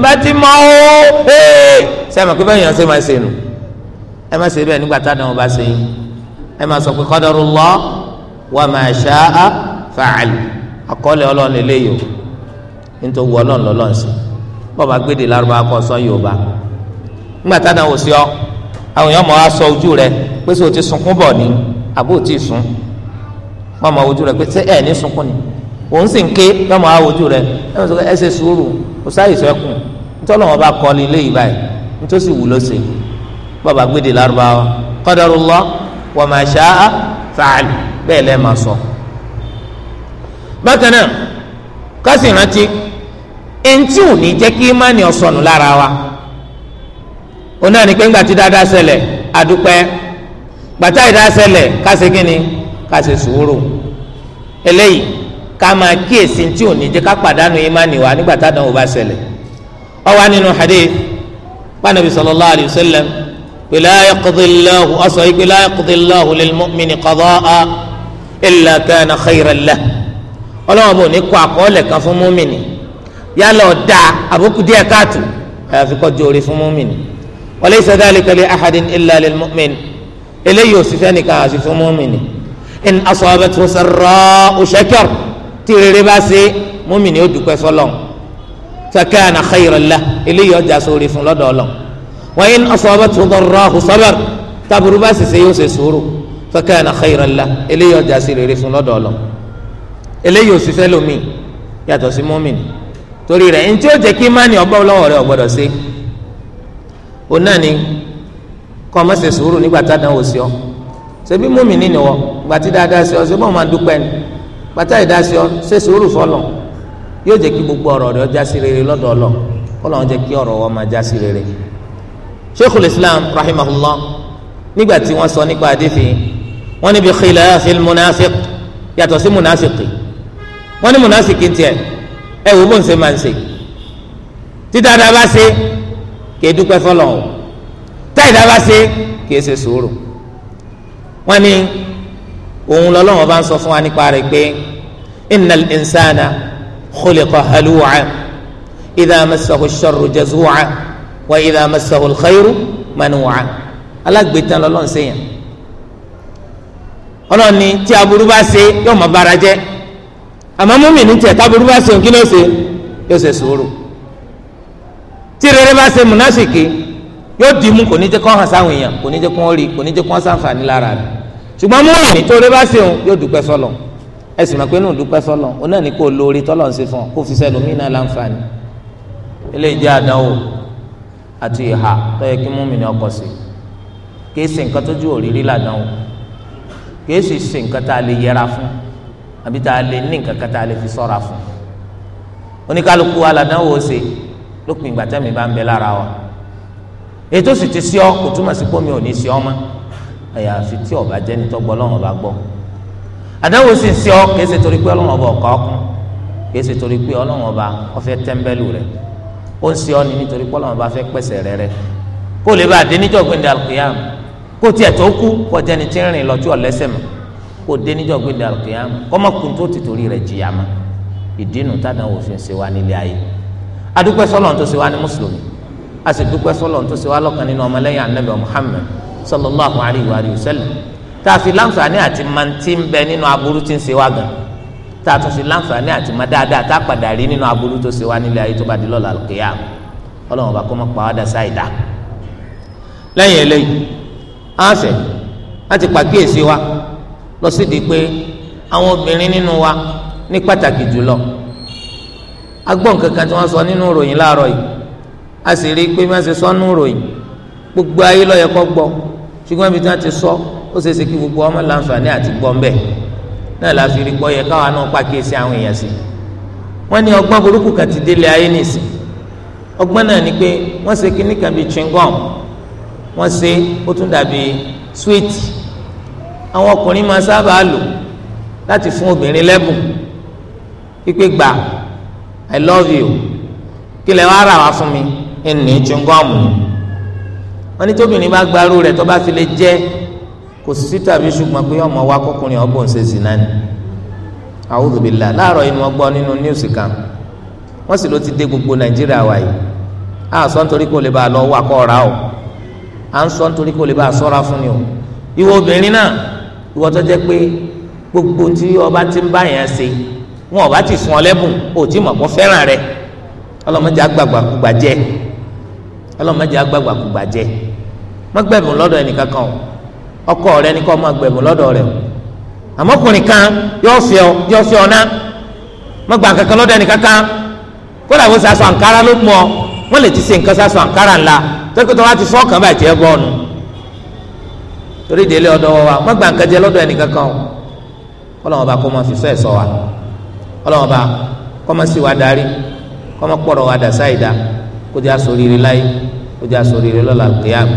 nbà ti mà o ee sẹ́mi pé bẹ́ẹ̀ yàn ṣe máa ṣe nù ẹ má ṣe bẹ́ẹ̀ nígbà ṣe ẹ sọ pé wa ma sha'a fa'al àkọọ́lẹ̀ ọlọ́run eléyìí o nítorí ọlọ́run lọ́lọ́run gbéde lárúbá kọ́ sọ nígbà ọ àwọn èèyàn mọ̀ á sọ sọ ojú rẹ pé ṣé òun sì ń ké yọmọ àwòjú rẹ yọmọ sọ ẹ sùúrù kò sáyè sẹkùn nítorí wọn bá kọ́ ni ilé yìí báyìí nítòsí wù ló ṣe bàbá gbéde lárúbáwá ma sha'a fa'al bẹ́ẹ̀ lẹ́ẹ̀ máa sọ. bákan náà rántí ò ní wa òun náà ní pé ńgbà tí dáadáa ṣẹlẹ̀ àdúpẹ́ gbàtà ká máa kíyèsí tí ò ní jẹ́ ká pàdánù ìmánì wa nígbà tádàn ò bá ṣẹlẹ̀ ó wà nínú hadith pànàbí sallallahu alayhi wa sallam pé la yaqdi Allahu ọsọ yìí pé la yaqdi Allahu lil mu'mini qada'a illa kana khayran lahu ọlọ́wọ́n bò ní kọ àkọọ́lẹ̀ kan fún mọ́mìnì yálà ọ̀dà àbùkù díẹ̀ káàtó àyàfi kó jóore fún mọ́mìnì wa laysa dhalika li ahadin illa lil eléyìí ò sì fẹ́ nìkan àti fún mọ́mìnì in asabathu sarra'u shakara tí rere bá ṣe múmi ni ó dúpẹ́ sọlọ fakana khayran lah eléyìí ọjà sórí fún lọ́dọ̀ ọlọ wa in asabathu darrahu sabar taburu bá ṣe ṣe yóò ṣe sùúrù fakana khayran lah eléyìí ọjà sí rere fún lọ́dọ̀ ọlọ eléyìí òṣìṣẹ́ lomi yàtọ̀ sí múmi ni torí rẹ̀ ntí ó jẹ́ kí mání ọgbọ́ lọ́wọ́ rẹ̀ ọ̀gbọ́dọ̀ ṣe òun ni kọ́ ọmọ ṣe sùúrù nígbà tá a dánwò sí ọ ṣebí múmi ni nìwọ gbàtí dáadáa sí ọ ṣe bọ́ọ̀ pátá ìdásí ọ ṣe sùúrù fọlọ yóò jẹ́ kí gbogbo ọ̀rọ̀ rẹ̀ já sí rere lọ́dọ̀ ọlọ kọlọ ń jẹ́ kí ọ̀rọ̀ wọn máa já sí rere. islam rahimahullah nígbà tí wọ́n sọ nípa àdéfì wọ́n níbi khilafil munafiq yàtọ̀ sí munafiki wọ́n ní munafiki tiẹ̀ ẹ wò ó bó ń ṣe máa ń ṣe títà dá ṣe kìí dúpẹ́ fọlọ táì dá ṣe kìí ṣe sùúrù wọ́n ní òun lọ́lọ́wọ́n bá ń sọ fún wa nípa rẹ̀ pé innal insana khuliqa halu'a idha massahu sharru jazu'a wa idha massahu alkhairu manu'a alágbètán lọ́lọ́n sèyàn ọlọ́ni tí aburú bá ṣe yóò máa bára jẹ́ àmọ́ múmi ní tiẹ̀ táburú bá ṣe kí ló ṣe yóò ṣe sùúrù tí rere bá ṣe múnásìkì yóò dì mú kò ní jẹ́ kó hàn sáwọn èèyàn kò ní jẹ́ kó rí kò ní jẹ́ kó sáǹfààní lára rẹ̀ ṣùgbọ́n mú ìrìn tó lé bá ṣe òun yóò dúpẹ́ sọ́lọ̀ ẹ sì mọ̀ pé nù dúpẹ́ sọ́lọ̀ ó náà ní kó lóore tọ́lọ̀ ń ṣe fún ọ kó fi sẹ́nu mí náà láǹfààní ilé ìjẹ́ àdánwò àti ìhà tó yẹ kí múmi-ín ọkọ̀ sí kì í ṣe nǹkan tójú òrírí làdánwò kì í sì ṣe nǹkan tá a lè yẹra fún àbí tá a lè ní nǹkan kan tá a lè fi sọ́ra fún oníkálukú aládánwò ṣe lópin ìgbà tẹ́mi bá ń bẹ lára wa ètò sì ti sí àyàfi tí ọba jẹ́ ní tọ́gbọ́ ọlọ́run ọba gbọ́ àdáwò sì ń sí ọ kìí ṣe torí pé ọlọ́run ọba ọ̀kọ́ ọkùn kìí ṣe torí pé ọlọ́run ọba ọfẹ́ tẹ́ḿbẹ́lú rẹ̀ ó ń sí ọ ní nítorí pé ọlọ́run ọba fẹ́ pẹ̀sẹ̀ rẹ̀ rẹ̀ kó lè bá a dé níjọ́ gbẹ̀ndé kó tiẹ̀ tó kú kó jẹ́ ni tí ń rìn lọ́jọ́ ọ̀lẹ́sẹ̀ mọ́ kó dé níjọ́ gbẹ̀ndé alqiyam kó má kun tó ti torí rẹ̀ jìyà mọ́ ìdínú tádàwò fi ń ṣe wá nílé ayé adúpẹ́ sọ́lọ́run tó ṣe wá ní mùsùlùmí sallallahu alayhi wa sallam tá a fi láǹfààní àti mantí ń bẹ nínú aburú tí ń ṣe wá gan tá a tún fi láǹfààní àti má dáadáa tá a padà rí nínú aburú tó ṣe wá nílé ayé tó bá di lọ́la al-qiyam ọlọ́run ọba kó mọ́ pa wá dá sáìdá lẹ́yìn eléyìí àṣẹ wa lọ di pé àwọn obìnrin nínú wa ní pàtàkì jùlọ agbọ́n kankan tí wọ́n sọ nínú ìròyìn láàárọ̀ yìí a sì rí i pé wọ́n ṣe sọ nínú ìròyìn gbogbo ayé ló yẹ kó gbọ́ ṣùgbọ́n ibi tí wọ́n ti sọ ó ṣe é ṣe kí gbogbo ọmọ láǹfààní àti gbọ́ mbẹ́ náà la fi rí gbọ́ yẹ káwa náà pàkíyèsí àwọn èèyàn sí wọ́n ní ọgbọ́n burúkú kan ti délé ayé nìsín ọgbọ́n náà ni pé wọ́n ṣe kíní kan bíi chewing-gum ṣe ó tún dàbí sweet àwọn ọkùnrin máa sábà lò láti fún obìnrin lẹ́bùn pípé gbà i love you kí lè wá rà wá fún mi ẹ̀ ní chewing-gum wọ́n ní tóbìnrin bá gbarú rẹ̀ tó bá fi lè jẹ́ kò sí tàbí ṣùgbọ́n pé ọmọ wa kọkùnrin ọgbọ̀n ṣe zina ni a'udhu billah láàárọ̀ inú ọgbọ́n nínú níwùsì kan wọ́n sì ló ti dé gbogbo nàìjíríà wa à ń sọ nítorí kó lè bá a lọ wà kọ́ ra o à ń sọ nítorí kó lè bá a sọ́ra fún ni o ìwọ obìnrin náà ìwọ tó jẹ́ pé gbogbo tí ọba ti ń bá yẹn ṣe wọn ọba ti fún ọ lẹ́bùn ò tí mọ̀ kó fẹ́ràn rẹ ọlọ́mọdé agbàgbàkùgbà jẹ ọlọ́mọdé agbàgbàkùgbà jẹ má gbẹ̀bùn lọ́dọ̀ ẹnìkan kan o ọkọ rẹ ni kọ́ má gbẹ̀bùn lọ́dọ̀ rẹ o àmọ́ ọkùnrin kan yóò fi ọ yóò fi ọ ná má gbà kankan lọ́dọ̀ ẹnìkan kan kódà wọ́n sàṣọ àǹkárá ló mọ̀ wọ́n lè ti ṣe nǹkan sàṣọ àǹkárá ńlá tẹ́kọ̀tọ̀ wá ti fọ́ kàn báyìí tiẹ́ bọ́ọ̀nù torí délé ọ̀dọ̀ wa má gbà nǹkan jẹ lọ́dọ̀ ẹnìkan kan o ọlọ́wọ́n bá kó máa fi fẹ́ẹ̀ sọ wa ọlọ́wọ́n bá kó máa sì wá darí kó máa pọ̀rọ̀ wa dà sáyidá kó jẹ́ àsoríire láyé kó jẹ́ àsoríire lọ́la kéyàmù.